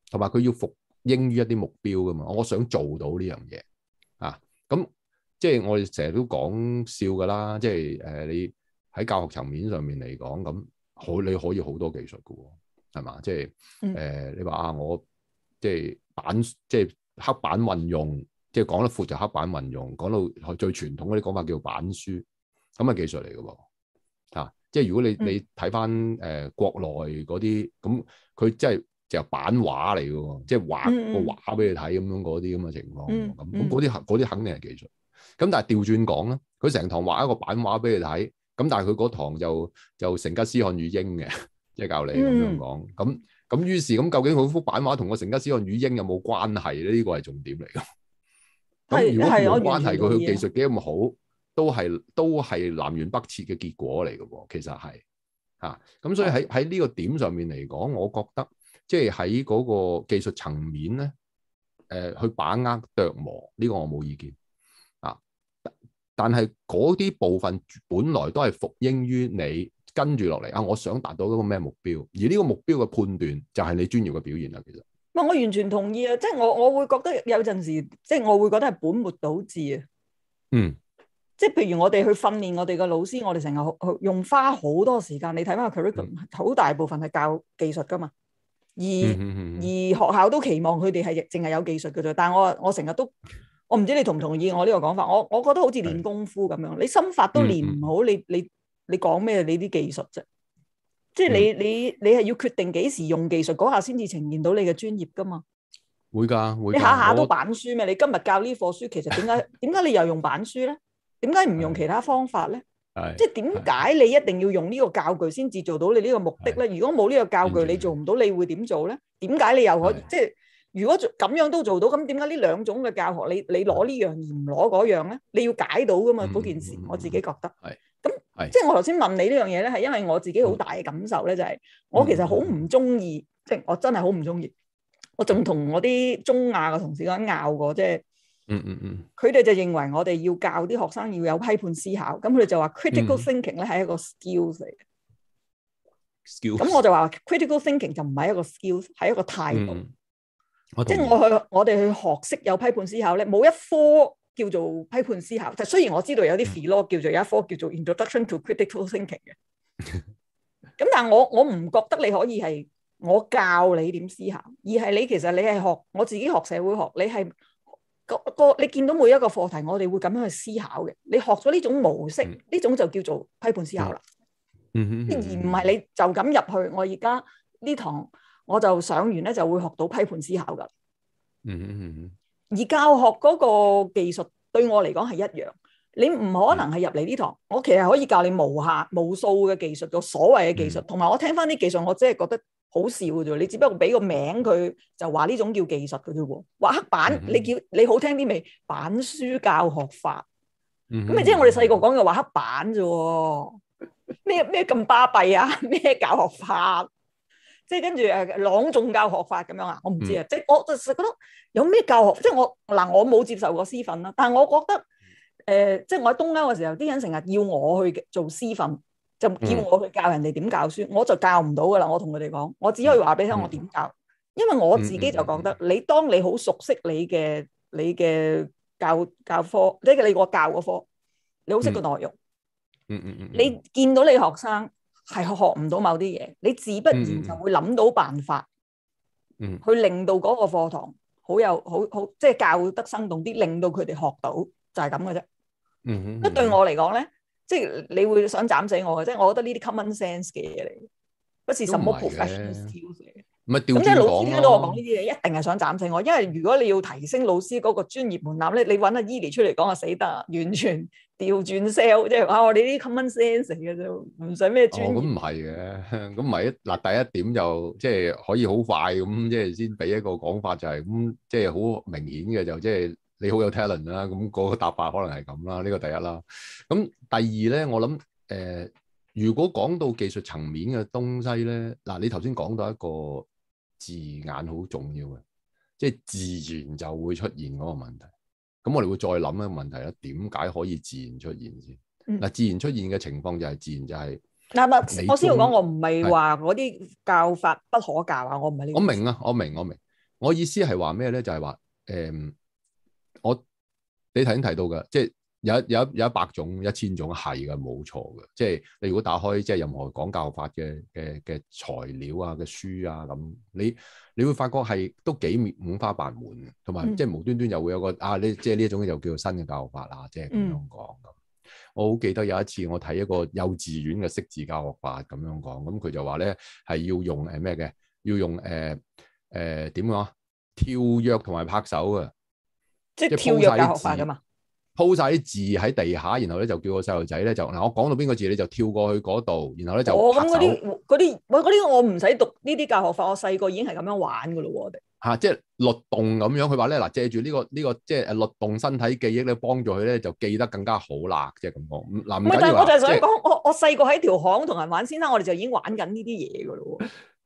同埋佢要服應於一啲目標㗎嘛。我想做到呢樣嘢啊，咁即係我哋成日都講笑㗎啦，即係誒你。喺教學層面上面嚟講，咁可你可以好多技術嘅，係嘛？即係誒，你話啊，我即係板即係黑板運用，即係講得闊就黑板運用，講到最傳統嗰啲講法叫板書，咁係技術嚟嘅喎。啊，即係如果你你睇翻誒國內嗰啲，咁佢即係就板畫嚟嘅，即係畫個畫俾你睇咁樣嗰啲咁嘅情況，咁咁嗰啲嗰啲肯定係技術。咁但係調轉講啦，佢成堂畫一個板畫俾你睇。咁、嗯、但係佢嗰堂就就成吉思汗語英嘅，即、就、係、是、教你咁樣講。咁咁於是咁，究竟佢幅版畫同個成吉思汗語英有冇關係咧？呢、這個係重點嚟㗎。咁如果有關係，佢佢技術幾咁好，都係都係南轅北轍嘅結果嚟㗎其實係嚇。咁、啊、所以喺喺呢個點上面嚟講，我覺得即係喺嗰個技術層面咧，誒、呃、去把握琢磨呢、這個我冇意見。但係嗰啲部分本來都係服膺於你跟住落嚟啊！我想達到嗰個咩目標，而呢個目標嘅判斷就係你專業嘅表現啦。其實，
唔，我完全同意啊！即係我，我會覺得有陣時，即係我會覺得係本末倒置啊！嗯，即係譬如我哋去訓練我哋嘅老師，我哋成日用花好多時間。你睇翻個 curriculum，好大部分係教技術噶嘛，而嗯嗯嗯而學校都期望佢哋係淨係有技術嘅啫。但係我我成日都。我唔知你同唔同意我呢個講法，我我覺得好似練功夫咁樣，你心法都練唔好，你你你講咩？你啲技術啫。嗯，即係你你你係要決定幾時用技術，嗰下先至呈現到你嘅專業噶嘛。
會噶，會噶，你下下都
板書咩？你今日教呢課書，其實點解點解你又用板書咧？點解唔用其他方法咧？係即係點解你一定要用呢個教具先至做到你呢個目的咧？如果冇呢個教具，你做唔到，你會點做咧？點解你又可以即係？如果咁樣都做到，咁點解呢兩種嘅教學你你攞呢樣而唔攞嗰樣咧？你要解到噶嘛？嗰、mm -hmm. 件事我自己覺得係，咁、mm -hmm. mm -hmm. 即係我頭先問你呢樣嘢咧，係因為我自己好大嘅感受咧、就係，就係我其實好唔中意，mm -hmm. 即係我真係好唔中意。我仲同我啲中亞嘅同事講拗過，即係，嗯嗯
嗯，
佢哋就認為我哋要教啲學生要有批判思考，咁佢哋就話 critical thinking 咧係一個 skills 嚟嘅
，skills。咁、mm -hmm. 我就話
critical thinking 就唔係一個 skills，係一個態度。Mm -hmm. 即係我去，我哋去學識有批判思考咧，冇一科叫做批判思考。就雖然我知道有啲 philosophy 叫做有一科叫做 Introduction to Critical Thinking 嘅。咁 [laughs] 但係我我唔覺得你可以係我教你點思考，而係你其實你係學我自己學社會學，你係個，個你見到每一個課題，我哋會咁樣去思考嘅。你學咗呢種模式，呢 [laughs] 種就叫做批判思考啦。嗯
哼，而唔係你
就咁入去。我而家呢堂。我就上完咧就會學到批判思考噶。嗯嗯嗯。而教學嗰個技術對我嚟講係一樣。你唔可能係入嚟呢堂，嗯，我其實可以教你無限無數嘅技術嘅所謂嘅技術。同、嗯、埋我聽翻啲技術，我真係覺得好笑㗎啫。你只不過俾個名佢就話呢種叫技術㗎啫喎。畫黑板、嗯嗯、你叫你好聽啲未？板書教學法。
咁咪即係我
哋細個講嘅畫黑板啫喎。咩咩咁巴閉啊？咩教學法？即係跟住誒朗誦教學法咁樣啊，我唔知啊，即、嗯、係、就是、我就係覺得有咩教學，即、就、係、是、我嗱我冇接受過師訓啦，但係我覺得誒，即、呃、係、就是、我喺東歐嘅時候，啲人成日要我去做師訓，就叫我去教人哋點教書，我就教唔到噶啦，我同佢哋講，我只可以話俾佢聽我點教、嗯，因為我自己就講得、嗯嗯，你當你好熟悉你嘅你嘅教教科，即、就、係、是、你個教科，你好識個內容，
嗯嗯嗯、
嗯，你見到你嘅學生。係學唔到某啲嘢，你自不然就會諗到辦法，去令到嗰個課堂好有好好即係教得生動啲，令到佢哋學到就係咁嘅啫。咁、嗯嗯、對我嚟講咧，即係你會想斬死我嘅，即係我覺得呢啲 common sense 嘅嘢嚟嘅，不是什麼 professional
skills 嚟嘅。咁即係老師聽到我講呢
啲嘢，一定係想斬死我，因為如果你要提升老師嗰個專業門檻咧，你搵阿 Eli 出嚟講啊死得完全。調轉 sell 即係啊！我哋啲 common sense 嚟嘅啫，唔使咩專業。咁唔係
嘅，咁唔係，一嗱第一點就即係可以好快咁，即係先俾一個講法就係咁，即係好明顯嘅就即係你好有 talent 啦。咁個答法可能係咁啦，呢個第一啦。咁第二咧，我諗誒，如果講到技術層面嘅東西咧，嗱，你頭先講到一個字眼好重要嘅，即係自然就會出現嗰個問題。咁我哋會再諗一個問題咧，點解可以自然出現先？嗱、嗯，自然出現嘅情況就係、是、自然就係、
是、嗱，我先要講，我唔係話嗰啲教法不可教啊，我唔係呢，我
明啊，我明，我明，我意思係話咩咧？就係、是、話，誒、嗯，我你頭先提到噶，即係有有一有一百種、一千種係嘅，冇錯嘅。即係、就是、你如果打開即係、就是、任何講教法嘅嘅嘅材料啊嘅書啊咁你。你會發覺係都幾五花八門的，同埋即係無端端又會有個、嗯、啊，呢即係呢一種又叫做新嘅教學法啊，即係咁樣講、嗯。我好記得有一次我睇一個幼稚園嘅識字教學法咁樣講，咁佢就話咧，係要用誒咩嘅，要用誒誒點講，跳躍同埋拍手嘅，即
係跳躍學法噶嘛。
鋪晒啲字喺地下，然後咧就叫個細路仔咧就嗱，我講到邊個字你就跳過去嗰度，然後咧就。我咁
嗰啲嗰啲，我嗰啲我唔使讀呢啲教學法，我細個已經係咁樣玩噶咯。
吓，即係律動咁樣，佢話咧嗱，借住呢個呢個即係誒律動身體記憶咧，幫助佢咧就記得更加好啦，即係咁講。唔係，但係我就係想講，
我我細個喺條巷同人玩先啦，我哋就已經玩緊呢啲嘢噶咯。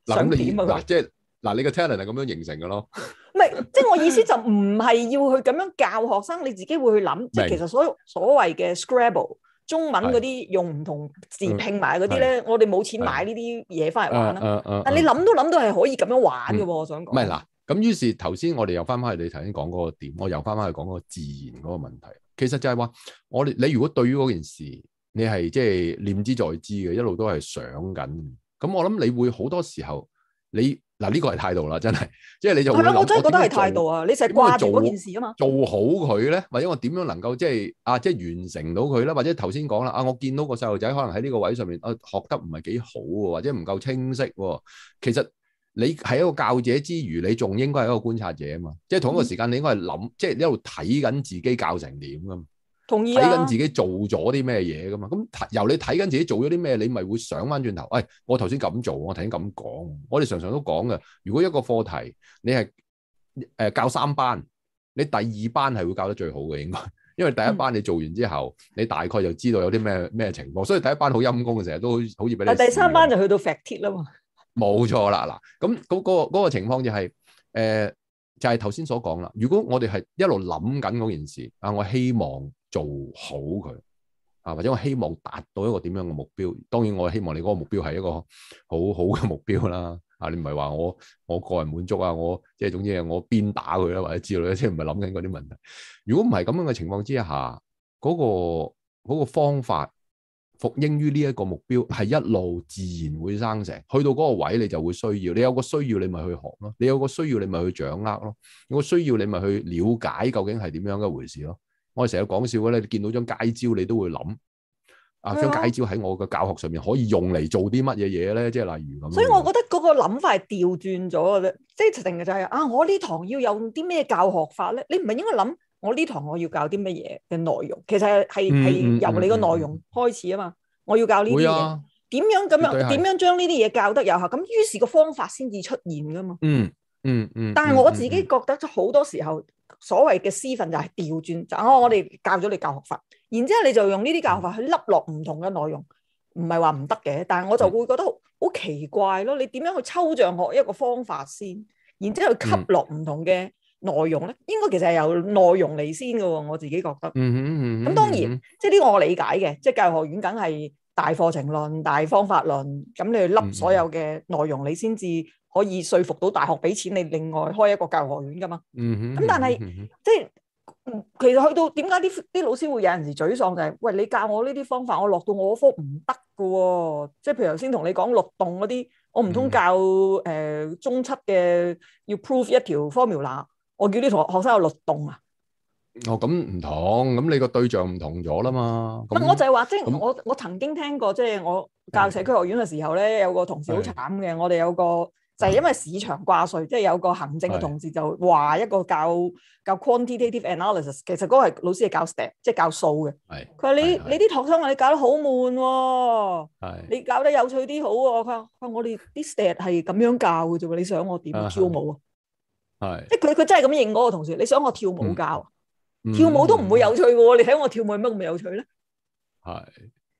想
點啊？即係。嗱，你個 talent 係咁樣形成噶咯。
唔係，即係我意思就唔係要去咁樣教學生， [laughs] 你自己會去諗，即係其實所所謂嘅 Scrabble 中文嗰啲用唔同字拼埋嗰啲咧，我哋冇錢買呢啲嘢翻嚟玩啦。Uh, uh, uh, uh, 但你諗都諗到係可以咁樣玩嘅，嗯，我想講。唔係嗱，
咁於是頭先我哋又翻翻去你頭先講嗰個點，我又翻翻去講個自然嗰個問題。其實就係話，我哋你如果對於嗰件事，你係即係念之在之嘅，一路都係想緊。咁我諗你會好多時候你。嗱、這、呢個係態度啦，真係，即係你就係啊！我真係覺得係態度，度啊！你
成日掛住嗰件事啊嘛，
做，做好佢咧，或者我點樣能夠即係啊，即係完成到佢啦？或者頭先講啦，啊，我見到個細路仔可能喺呢個位上面，啊，學得唔係幾好喎，或者唔夠清晰喎。其實你係一個教者之餘，你仲應該係一個觀察者啊嘛。即係同一個時間，你應該係諗，即係一路睇緊自己教成點噶。
睇緊、啊、自
己做咗啲咩嘢噶嘛？咁由你睇緊自己做咗啲咩，你咪會想翻轉頭。誒、哎，我頭先咁做，我頭先咁講。我哋常常都講嘅，如果一個課題你係誒、呃、教三班，你第二班係會教得最好嘅，應該因為第一班你做完之後，嗯、你大概就知道有啲咩咩情況，所以第一班好陰功嘅，成日都好似俾你第三
班就去到石鐵啦。
冇錯啦，嗱咁嗰嗰個、那個情況就係、是、誒、呃、就係頭先所講啦。如果我哋係一路諗緊嗰件事啊，我希望。做好佢啊，或者我希望達到一個點樣嘅目標。當然，我希望你嗰個目標係一個好好嘅目標啦。啊，你唔係話我我個人滿足啊，我即係總之我鞭打佢啦，或者之類，即係唔係諗緊嗰啲問題。如果唔係咁樣嘅情況之下，嗰個嗰個方法服膺於呢一個目標，係一路自然會生成。去到嗰個位，你就會需要。你有個需要，你咪去學咯；你有個需要，你咪去掌握咯；有個需要，你咪去了解究竟係點樣嘅一回事咯。我哋成日講笑嘅咧，你見到張街招，你都會諗，啊張街招喺我嘅教學上面可以用嚟做啲乜嘢嘢咧？即係例如咁。所
以我覺得嗰個諗法係調轉咗嘅啫，即係成日就係、是、啊，我呢堂要用啲咩教學法咧？你唔係應該諗我呢堂我要教啲乜嘢嘅內容？其實係係由你個內容開始啊嘛、嗯嗯嗯。我要教呢啲嘢，點、啊、樣咁樣？點樣將呢啲嘢教得有效？咁於是個方法先至出現噶嘛。嗯
嗯嗯。但係我自己
覺得好多時候。所謂嘅師訓就係調轉，就啊、我我哋教咗你教學法，然之後你就用呢啲教學法去笠落唔同嘅內容，唔係話唔得嘅，但係我就會覺得好奇怪咯。你點樣去抽象學一個方法先，然之後去吸落唔同嘅內容咧？嗯、應該其實係由內容嚟先嘅喎，我自己覺得。嗯嗯
嗯。咁當然，嗯、
即係呢個我理解嘅，即係教學院梗係大課程論、大方法論，咁你去笠所有嘅內容，你先至可以說服到大學俾錢你另外開一個教育學院噶嘛？
咁、嗯、但係、嗯、
即係其實去到點解啲啲老師會有陣時沮喪就係、是、喂你教我呢啲方法我落到我的科唔得噶喎！即係譬如頭先同你講律動嗰啲，我唔通教誒、嗯呃、中七嘅要 prove 一條 formula，我叫啲學學生學律動啊！
哦，咁唔同，咁你個對象唔同咗啦嘛？咁，我就
係話即係我我曾經聽過即係我教社區學院嘅時候咧，有個同事好慘嘅，我哋有個。就係、是、因為市場掛帥，即、就、係、是、有一個行政嘅同事就話一個教教 quantitative analysis，其實嗰個係老師係教 s t e p 即係教數嘅。係佢話你你啲學生話你教得好悶喎、哦，你教得有趣啲好喎、哦。佢話我哋啲 s t e p 係咁樣教嘅啫喎，你想我點、uh -huh. 跳舞啊？
係
即係佢佢真係咁認嗰個同事，你想我跳舞教、啊嗯？跳舞都唔會有趣嘅喎、嗯，你睇我跳舞乜咁有趣咧？係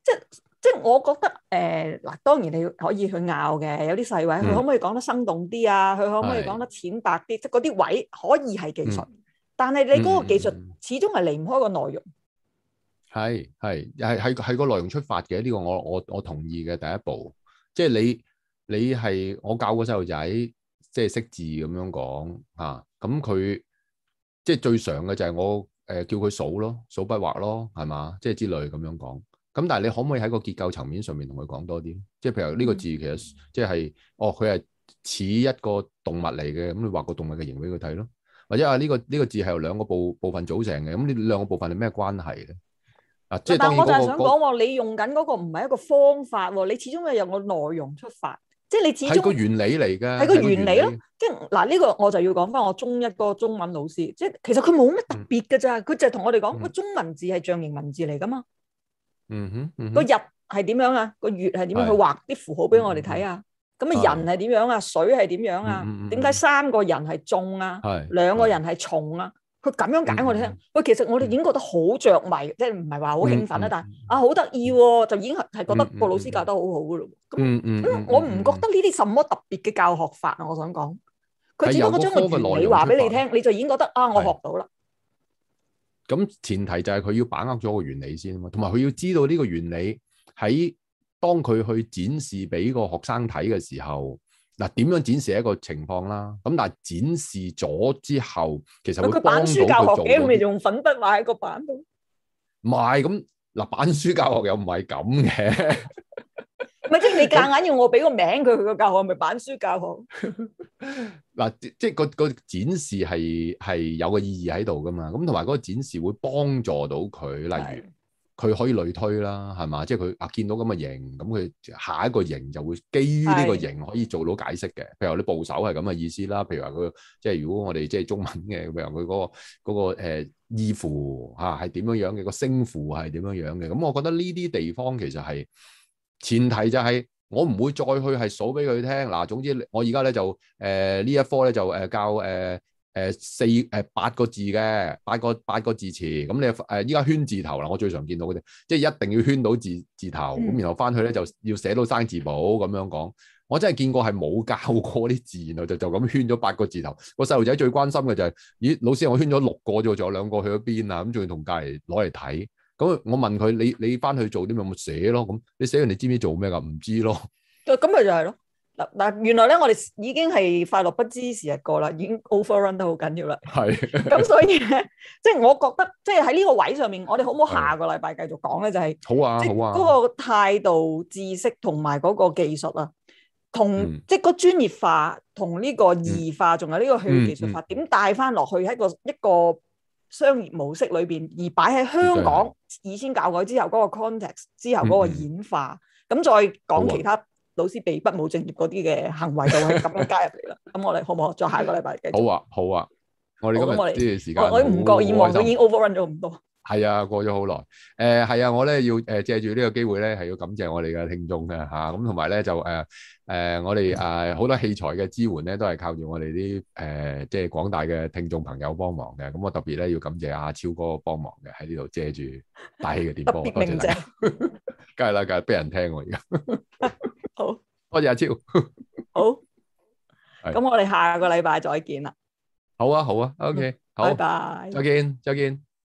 即。即、就、係、是、我覺得誒嗱、呃，當然你可以去拗嘅，有啲細位佢、嗯、可唔可以講得生動啲啊？佢、嗯、可唔可以講得淺白啲？即係嗰啲位可以係技術，嗯、但係你嗰個技術始終係離唔開個內容。
係係係係係個內容出發嘅，呢、這個我我我同意嘅。第一步即係、就是、你你係我教個細路仔，即、就、係、是、識字咁樣講嚇。咁佢即係最常嘅就係我誒、呃、叫佢數咯，數筆畫咯，係嘛？即、就、係、是、之類咁樣講。咁但係你可唔可以喺個結構層面上面同佢講多啲？即係譬如呢個字其實即、就、係、是、哦，佢係似一個動物嚟嘅，咁你畫個動物嘅形俾佢睇咯。或者、這個這個、這啊、呢、就是那個呢個字係由兩個部部分組成嘅，咁呢兩個部分係咩關係咧？啊，即係。但我就想講喎、那個，
你用緊嗰個唔係一個方法，那個那個、你始終係由個內容出發，即係你始終係個原
理嚟嘅。係個原理咯。
即係嗱、呢、就是這個我就要講翻我中一嗰個中文老師，即、就、係、是、其實佢冇乜特別噶咋，佢就係同我哋講，個、嗯、中文字係象形文字嚟噶嘛。嗯哼，個、嗯、日係點樣啊？個月係點樣？去畫啲符號俾我哋睇啊！咁啊，人係點樣啊？水係點樣啊？點、嗯、解三個人係重啊？兩個人係重啊？佢咁樣解我哋聽喂，其實我哋已經覺得好着迷，即係唔係話好興奮啦、嗯，但係啊好得意喎，就已經係覺得個老師教得好好噶咯。嗯
咁、嗯、我
唔覺得呢啲什麼特別嘅教學法啊，我想講，佢只不過將個原理話俾你聽、嗯，你就已經覺得啊，我學到啦。嗯
咁前提就係佢要把握咗個原理先啊，同埋佢要知道呢個原理喺當佢去展示俾個學生睇嘅時候，嗱，點樣展示一個情況啦？咁但係展示咗之後，其實會板書教學嘅，咪
用粉筆畫喺個板度，
唔係咁嗱，板書教學又唔係咁嘅。 [laughs]
唔即係你夾硬要我俾個名佢，佢個教學係咪板書教學
嗱， [laughs] 即係個個展示係係有個意義喺度㗎嘛，咁同埋嗰個展示會幫助到佢，例如佢可以類推啦，係嘛？即係佢啊見到咁嘅型，咁佢下一個型就會基於呢個型可以做到解釋嘅。譬如話你部首係咁嘅意思啦，譬如話佢即係如果我哋即係中文嘅，譬如話佢嗰個嗰、嗰個誒意符嚇係點樣嘅、嗰個、樣嘅，個聲符係點樣樣嘅。咁我覺得呢啲地方其實係。前提就係、是、我唔會再去係數俾佢聽嗱，總之我而家咧就誒呢、呃、一科咧就誒教誒誒、呃、四誒、呃、八個字嘅八個八個字詞，咁你誒依家圈字頭啦，我最常見到嘅，啲，即係一定要圈到字字頭，咁、嗯、然後返去咧就要寫到生字簿咁樣講。我真係見過係冇教過啲字，然後就就咁圈咗八個字頭。個細路仔最關心嘅就係、是，咦老師我圈咗六個啫，仲有兩個去咗邊啊？咁仲要同隔籬攞嚟睇。咁我問佢，你你翻去做啲咪冇寫咯？咁你寫完你知唔知做咩噶？唔知咯。
咁咪就係咯。嗱嗱，原來咧我哋已經係快樂不知時日過啦，已經 overrun 得好緊要啦。係。咁所以咧，即係我覺得，即係喺呢個位上面，我哋可唔可以下個禮拜繼續講咧？就係
好啊，好啊。嗰個
態度、知識同埋嗰個技術啊，同即係個專業化同呢個異化，仲有呢個去技術化，點帶翻落去喺個一個？商業模式裏面，而擺喺香港，以先教改之後嗰個 context 之後嗰個演化，咁、嗯、再講、啊、其他老師被不務正業嗰啲嘅行為，就係咁樣加入嚟啦。咁 [laughs] 我哋可唔可再下個禮拜繼續？好
啊，好啊，我哋咁我哋呢段時間，我我唔覺意，我意已經
overrun 咗咁多。
係啊，過咗好耐。誒、呃，係啊，我咧要誒借住呢個機會咧，係要感謝我哋嘅聽眾嘅吓，咁同埋咧就誒誒、呃，我哋誒好多器材嘅支援咧，都係靠住我哋啲誒即係廣大嘅聽眾朋友幫忙嘅。咁我特別咧要感謝阿超哥幫忙嘅，喺呢度借住大氣嘅電波，特別感謝。梗係啦，梗係俾人聽我而家。 [laughs] 好多謝阿超。 [laughs] 好。咁我哋
下個禮拜再見啦。
好啊，好啊，OK，好。拜
拜。再
見，再見。